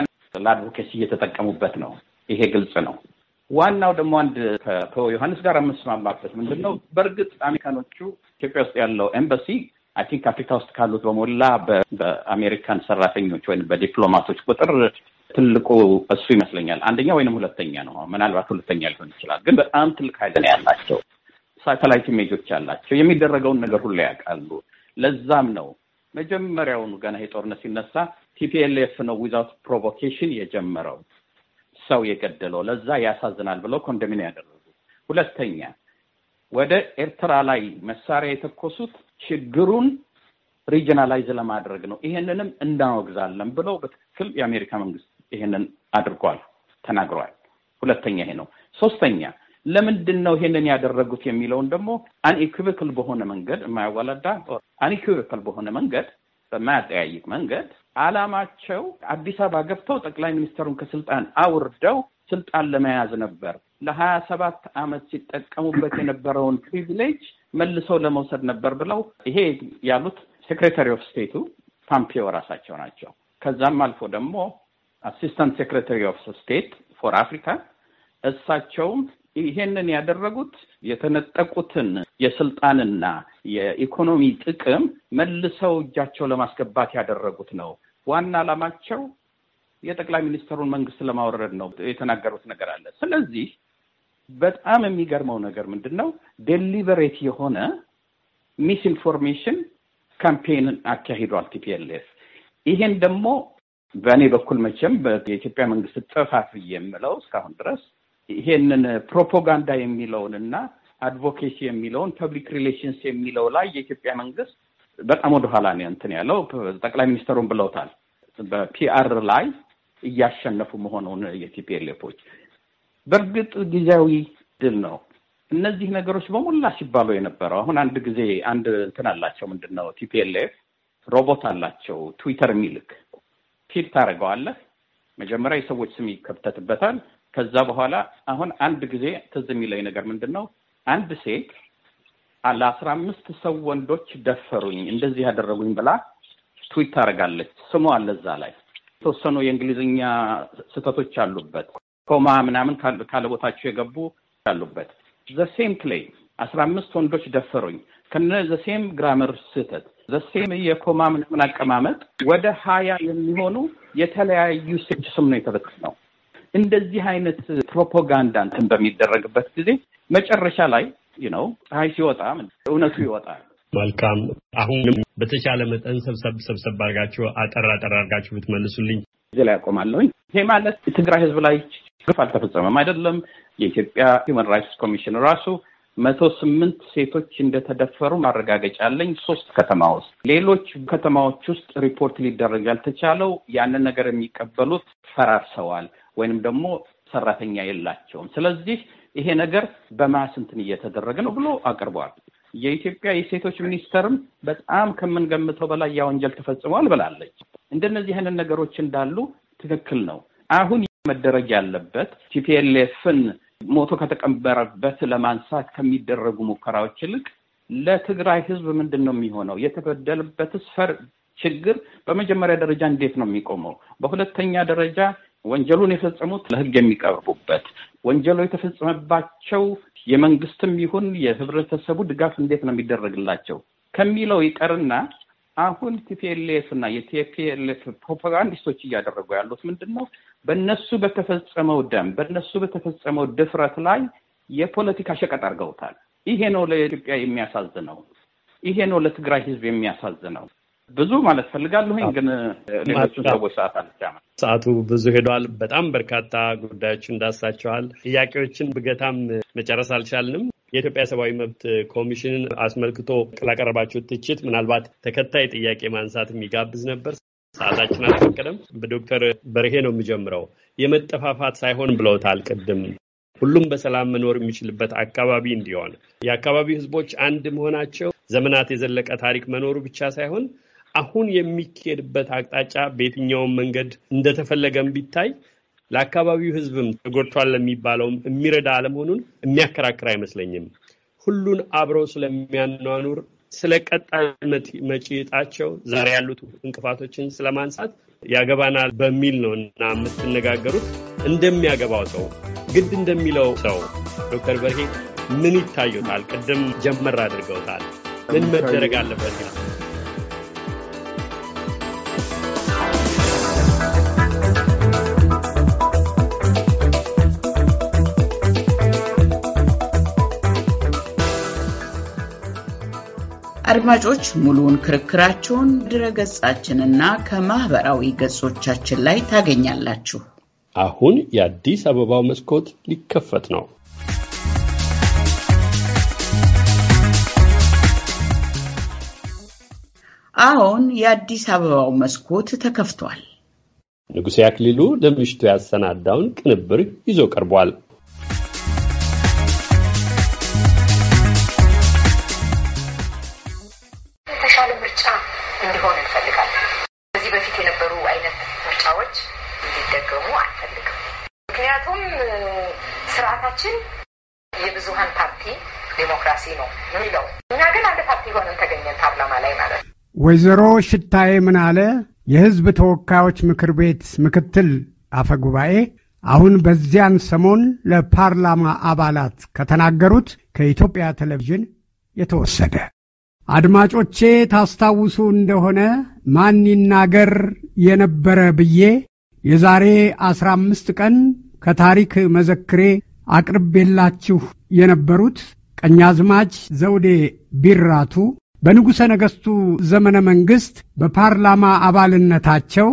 ለአድቮኬሲ እየተጠቀሙበት ነው። ይሄ ግልጽ ነው። ዋናው ደግሞ አንድ ከቶ ዮሐንስ ጋር የምስማማበት ምንድን ነው፣ በእርግጥ አሜሪካኖቹ ኢትዮጵያ ውስጥ ያለው ኤምባሲ አይ ቲንክ አፍሪካ ውስጥ ካሉት በሞላ በአሜሪካን ሰራተኞች ወይም በዲፕሎማቶች ቁጥር ትልቁ እሱ ይመስለኛል። አንደኛ ወይንም ሁለተኛ ነው። ምናልባት ሁለተኛ ሊሆን ይችላል። ግን በጣም ትልቅ ኃይል ነው ያላቸው። ሳተላይት ኢሜጆች ያላቸው የሚደረገውን ነገር ሁሉ ያውቃሉ። ለዛም ነው መጀመሪያውኑ ገና የጦርነት ሲነሳ ቲፒኤልኤፍ ነው ዊዛውት ፕሮቮኬሽን የጀመረው ሰው የገደለው ለዛ ያሳዝናል ብለው ኮንደሚን ያደረጉት። ሁለተኛ ወደ ኤርትራ ላይ መሳሪያ የተኮሱት ችግሩን ሪጅናላይዝ ለማድረግ ነው። ይሄንንም እናወግዛለን ብለው በትክክል የአሜሪካ መንግስት ይሄንን አድርጓል፣ ተናግረዋል። ሁለተኛ ይሄ ነው። ሶስተኛ ለምንድን ነው ይሄንን ያደረጉት የሚለውን ደግሞ አንኢኩቪክል በሆነ መንገድ የማያወላዳ አንኢኩቪክል በሆነ መንገድ በማያጠያይቅ መንገድ አላማቸው አዲስ አበባ ገብተው ጠቅላይ ሚኒስትሩን ከስልጣን አውርደው ስልጣን ለመያዝ ነበር። ለሀያ ሰባት አመት ሲጠቀሙበት የነበረውን ፕሪቪሌጅ መልሰው ለመውሰድ ነበር ብለው ይሄ ያሉት ሴክሬታሪ ኦፍ ስቴቱ ፓምፒዮ ራሳቸው ናቸው። ከዛም አልፎ ደግሞ አሲስታንት ሴክሬታሪ ኦፍ ስቴት ፎር አፍሪካ እሳቸውም ይሄንን ያደረጉት የተነጠቁትን የስልጣንና የኢኮኖሚ ጥቅም መልሰው እጃቸው ለማስገባት ያደረጉት ነው። ዋና አላማቸው የጠቅላይ ሚኒስትሩን መንግስት ለማውረድ ነው የተናገሩት ነገር አለ። ስለዚህ በጣም የሚገርመው ነገር ምንድን ነው? ዴሊቨሬት የሆነ ሚስ ኢንፎርሜሽን ካምፔንን አካሂዷል ቲፒኤልኤፍ። ይሄን ደግሞ በእኔ በኩል መቼም የኢትዮጵያ መንግስት ጥፋት የምለው እስካሁን ድረስ ይሄንን ፕሮፓጋንዳ የሚለውን እና አድቮኬሲ የሚለውን ፐብሊክ ሪሌሽንስ የሚለው ላይ የኢትዮጵያ መንግስት በጣም ወደኋላ ነው እንትን ያለው። ጠቅላይ ሚኒስትሩን ብለውታል። በፒአር ላይ እያሸነፉ መሆኑን የቲፒኤልኤፎች በእርግጥ ጊዜያዊ ድል ነው። እነዚህ ነገሮች በሞላ ሲባሉ የነበረው አሁን አንድ ጊዜ አንድ እንትን አላቸው። ምንድን ነው ቲፒኤልኤፍ ሮቦት አላቸው ትዊተር የሚልክ ፊድ ታደርገዋለህ። መጀመሪያ የሰዎች ስም ይከብተትበታል። ከዛ በኋላ አሁን አንድ ጊዜ ትዝ የሚለኝ ነገር ምንድን ነው አንድ ሴት ለአስራ አምስት ሰው ወንዶች ደፈሩኝ እንደዚህ ያደረጉኝ ብላ ትዊት ታደርጋለች። ስሟ አለ እዛ ላይ የተወሰኑ የእንግሊዝኛ ስህተቶች አሉበት። ኮማ ምናምን ካለቦታቸው የገቡ ያሉበት ዘሴም ክሌይ አስራ አምስት ወንዶች ደፈሩኝ ከነ ዘሴም ግራመር ስህተት ዘሴም የኮማ ምናምን አቀማመጥ ወደ ሀያ የሚሆኑ የተለያዩ ሴቶች ስም ነው የተበተነው። እንደዚህ አይነት ፕሮፓጋንዳ እንትን በሚደረግበት ጊዜ መጨረሻ ላይ ነው ፀሐይ ሲወጣ እውነቱ ይወጣል። መልካም። አሁንም በተቻለ መጠን ሰብሰብ ሰብሰብ አድርጋችሁ አጠር አጠር አድርጋችሁ ብትመልሱልኝ እዚህ ላይ ያቆማለሁኝ። ይሄ ማለት የትግራይ ህዝብ ላይ ግፍ አልተፈጸመም አይደለም። የኢትዮጵያ ሂውማን ራይትስ ኮሚሽን ራሱ መቶ ስምንት ሴቶች እንደተደፈሩ ማረጋገጫ አለኝ ሶስት ከተማ ውስጥ ሌሎች ከተማዎች ውስጥ ሪፖርት ሊደረግ ያልተቻለው ያንን ነገር የሚቀበሉት ፈራርሰዋል ወይንም ደግሞ ሰራተኛ የላቸውም። ስለዚህ ይሄ ነገር በማስንትን እየተደረገ ነው ብሎ አቅርቧል። የኢትዮጵያ የሴቶች ሚኒስተርም በጣም ከምንገምተው በላይ ያ ወንጀል ተፈጽሟል ብላለች። እንደነዚህ አይነት ነገሮች እንዳሉ ትክክል ነው። አሁን መደረግ ያለበት ቲፒኤልኤፍን ሞቶ ከተቀበረበት ለማንሳት ከሚደረጉ ሙከራዎች ይልቅ ለትግራይ ህዝብ ምንድን ነው የሚሆነው? የተበደለበት ስፈር ችግር በመጀመሪያ ደረጃ እንዴት ነው የሚቆመው? በሁለተኛ ደረጃ ወንጀሉን የፈጸሙት ለህግ የሚቀርቡበት ወንጀሉ የተፈጸመባቸው የመንግስትም ይሁን የህብረተሰቡ ድጋፍ እንዴት ነው የሚደረግላቸው ከሚለው ይቀርና አሁን ቲፒኤልኤፍ እና የቲፒኤልኤፍ ፕሮፓጋንዲስቶች እያደረጉ ያሉት ምንድን ነው? በእነሱ በተፈጸመው ደም በእነሱ በተፈጸመው ድፍረት ላይ የፖለቲካ ሸቀጥ አድርገውታል። ይሄ ነው ለኢትዮጵያ የሚያሳዝነው። ይሄ ነው ለትግራይ ህዝብ የሚያሳዝነው። ብዙ ማለት ፈልጋለሁኝ ግን ሌሎችን ሰዎች ሰዓት አልቻማ ሰዓቱ ብዙ ሄዷል። በጣም በርካታ ጉዳዮችን እንዳሳቸዋል። ጥያቄዎችን ብገታም መጨረስ አልቻልንም። የኢትዮጵያ ሰብአዊ መብት ኮሚሽንን አስመልክቶ ላቀረባቸው ትችት ምናልባት ተከታይ ጥያቄ ማንሳት የሚጋብዝ ነበር። ሰዓታችን አልፈቀደም። በዶክተር በርሄ ነው የሚጀምረው የመጠፋፋት ሳይሆን ብለውታል ቅድም ሁሉም በሰላም መኖር የሚችልበት አካባቢ እንዲሆን የአካባቢው ሕዝቦች አንድ መሆናቸው ዘመናት የዘለቀ ታሪክ መኖሩ ብቻ ሳይሆን አሁን የሚካሄድበት አቅጣጫ በየትኛውም መንገድ እንደተፈለገም ቢታይ ለአካባቢው ሕዝብም ተጎድቷል ለሚባለውም የሚረዳ አለመሆኑን የሚያከራክር አይመስለኝም። ሁሉን አብረው ስለሚያኗኑር ስለ ቀጣይ መጪ ዛሬ ያሉት እንቅፋቶችን ስለማንሳት ያገባናል በሚል ነው እና የምትነጋገሩት እንደሚያገባው ሰው ግድ እንደሚለው ሰው ዶክተር በርሄ ምን ይታዩታል? ቅድም ጀመር አድርገውታል። ምን መደረግ አለበት? አድማጮች ሙሉውን ክርክራቸውን ድረገጻችንና ከማኅበራዊ ገጾቻችን ላይ ታገኛላችሁ። አሁን የአዲስ አበባው መስኮት ሊከፈት ነው። አሁን የአዲስ አበባው መስኮት ተከፍቷል። ንጉሴ አክሊሉ ለምሽቱ ያሰናዳውን ቅንብር ይዞ ቀርቧል። ወይዘሮ ሽታዬ ምናለ የሕዝብ ተወካዮች ምክር ቤት ምክትል አፈ ጉባኤ አሁን በዚያን ሰሞን ለፓርላማ አባላት ከተናገሩት ከኢትዮጵያ ቴሌቪዥን የተወሰደ። አድማጮቼ ታስታውሱ እንደሆነ ማን ይናገር የነበረ ብዬ የዛሬ ዐሥራ አምስት ቀን ከታሪክ መዘክሬ አቅርቤላችሁ የነበሩት ቀኛዝማች ዘውዴ ቢራቱ በንጉሠ ነገሥቱ ዘመነ መንግሥት በፓርላማ አባልነታቸው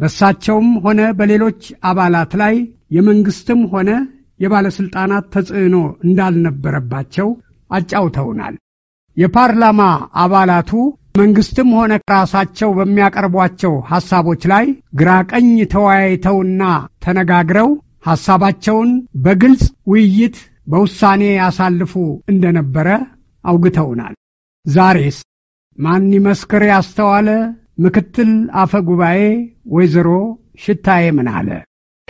በእሳቸውም ሆነ በሌሎች አባላት ላይ የመንግሥትም ሆነ የባለሥልጣናት ተጽዕኖ እንዳልነበረባቸው አጫውተውናል። የፓርላማ አባላቱ መንግሥትም ሆነ ራሳቸው በሚያቀርቧቸው ሐሳቦች ላይ ግራ ቀኝ ተወያይተውና ተነጋግረው ሐሳባቸውን በግልጽ ውይይት በውሳኔ ያሳልፉ እንደነበረ አውግተውናል። ዛሬስ ማን ይመስክር ያስተዋለ? ምክትል አፈ ጉባኤ ወይዘሮ ሽታዬ ምን አለ?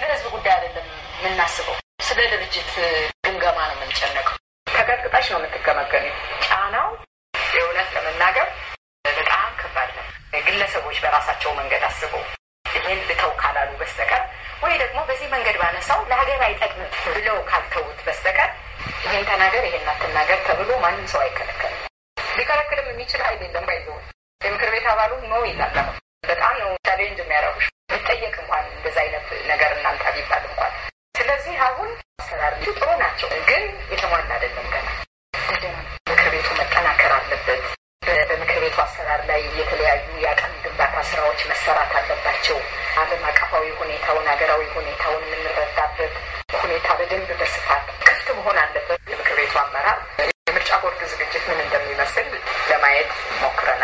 ስለ ህዝብ ጉዳይ አይደለም የምናስበው፣ ስለ ድርጅት ግምገማ ነው የምንጨነቀው። ተቀጥቅጣሽ ነው የምትገመገሚ። ጫናው የእውነት ለመናገር በጣም ከባድ ነው። ግለሰቦች በራሳቸው መንገድ አስበው ይህን ልተው ካላሉ በስተቀር ወይ ደግሞ በዚህ መንገድ ባነሳው ለሀገር አይጠቅምም ብለው ካልተውት በስተቀር ይህን ተናገር ይህን አትናገር ተብሎ ማንም ሰው አይከለከልም። ሊከለክልም የሚችል ኃይል የለም። ባይዘ የምክር ቤት አባሉ ነው ይላል። በጣም ነው ቻሌንጅ የሚያደርጉሽ ብጠየቅ እንኳን እንደዚ አይነት ነገር እናንተ ቢባል እንኳን ስለዚህ አሁን አሰራር ጥሩ ናቸው፣ ግን የተሟላ አይደለም ገና ምክር ቤቱ መጠናከር አለበት። በምክር ቤቱ አሰራር ላይ የተለያዩ የአቅም ግንባታ ስራዎች መሰራት አለባቸው። ዓለም አቀፋዊ ሁኔታውን ሀገራዊ ሁኔታውን የምንረዳበት ሁኔታ በደንብ በስፋት ክፍት መሆን አለበት። የምክር ቤቱ አመራር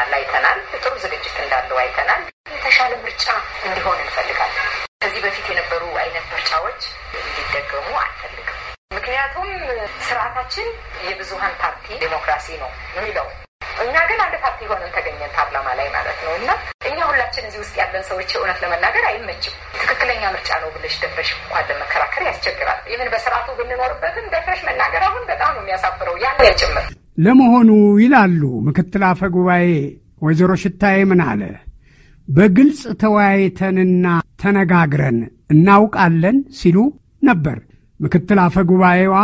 አይተናል አይተናል ጥሩ ዝግጅት እንዳለው አይተናል። የተሻለ ምርጫ እንዲሆን እንፈልጋለን። ከዚህ በፊት የነበሩ አይነት ምርጫዎች እንዲደገሙ አንፈልግም። ምክንያቱም ስርዓታችን የብዙሀን ፓርቲ ዴሞክራሲ ነው የሚለው እኛ ግን አንድ ፓርቲ ሆነን ተገኘን ፓርላማ ላይ ማለት ነው። እና እኛ ሁላችን እዚህ ውስጥ ያለን ሰዎች እውነት ለመናገር አይመችም። ትክክለኛ ምርጫ ነው ብለሽ ደፍረሽ እንኳን ለመከራከር ያስቸግራል። ይህን በስርዓቱ ብንኖርበትም ደፍረሽ መናገር አሁን በጣም ነው የሚያሳፍረው። ያን ጭምር ለመሆኑ ይላሉ ምክትል አፈ ጉባኤ ወይዘሮ ሽታዬ ምን አለ በግልጽ ተወያይተንና ተነጋግረን እናውቃለን ሲሉ ነበር ምክትል አፈ ጉባኤዋ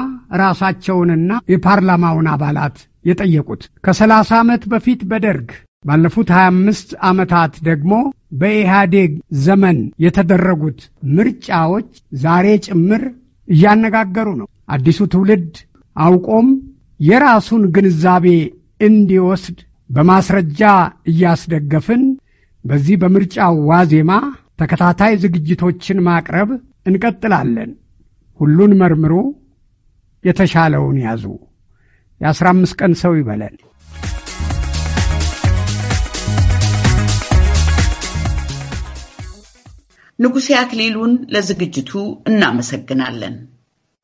ራሳቸውንና የፓርላማውን አባላት የጠየቁት ከሰላሳ ዓመት በፊት በደርግ ባለፉት 25 ዓመታት ደግሞ በኢህአዴግ ዘመን የተደረጉት ምርጫዎች ዛሬ ጭምር እያነጋገሩ ነው። አዲሱ ትውልድ አውቆም የራሱን ግንዛቤ እንዲወስድ በማስረጃ እያስደገፍን በዚህ በምርጫው ዋዜማ ተከታታይ ዝግጅቶችን ማቅረብ እንቀጥላለን። ሁሉን መርምሩ፣ የተሻለውን ያዙ። የአስራ አምስት ቀን ሰው ይበለን። ንጉሴ አክሊሉን ለዝግጅቱ እናመሰግናለን።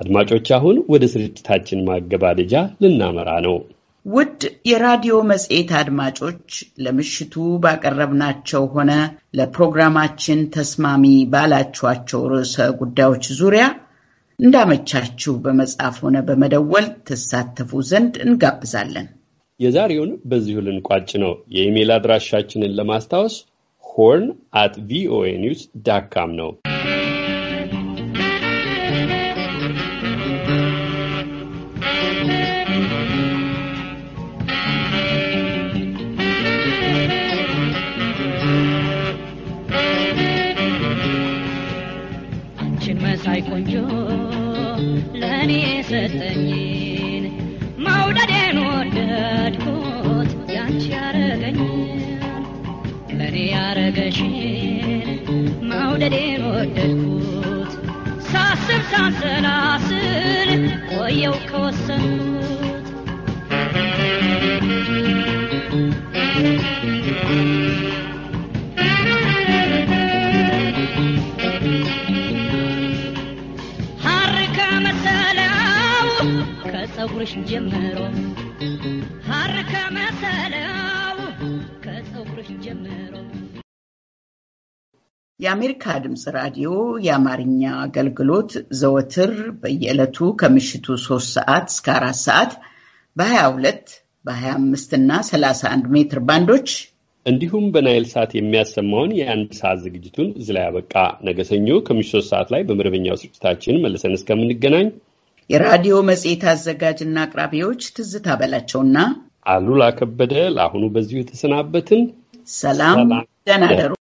አድማጮች፣ አሁን ወደ ስርጭታችን ማገባደጃ ልናመራ ነው። ውድ የራዲዮ መጽሔት አድማጮች ለምሽቱ ባቀረብናቸው ሆነ ለፕሮግራማችን ተስማሚ ባላችኋቸው ርዕሰ ጉዳዮች ዙሪያ እንዳመቻችሁ በመጻፍ ሆነ በመደወል ትሳተፉ ዘንድ እንጋብዛለን። የዛሬውን በዚሁ ልንቋጭ ነው። የኢሜይል አድራሻችንን ለማስታወስ ሆርን አት ቪኦኤ ኒውስ ዳት ካም ነው። ፍቅርሽን መውደዴን ወደድኩት ሳስብ ሳንሰላስል ቆየው ከወሰንኩት ሐር ከመሰለው ከጸጉርሽ ጀምሮ ሐር ከመሰለው ከጸጉርሽ ጀምሮ የአሜሪካ ድምፅ ራዲዮ የአማርኛ አገልግሎት ዘወትር በየዕለቱ ከምሽቱ ሶስት ሰዓት እስከ አራት ሰዓት በሀያ ሁለት በሀያ አምስት እና ሰላሳ አንድ ሜትር ባንዶች እንዲሁም በናይል ሳት የሚያሰማውን የአንድ ሰዓት ዝግጅቱን እዚ ላይ ያበቃ። ነገ ሰኞ ከምሽቱ ሶስት ሰዓት ላይ በመደበኛው ስርጭታችን መልሰን እስከምንገናኝ የራዲዮ መጽሔት አዘጋጅና አቅራቢዎች ትዝታ በላቸውና አሉላ ከበደ ለአሁኑ በዚሁ የተሰናበትን። ሰላም፣ ደህና ደሩ።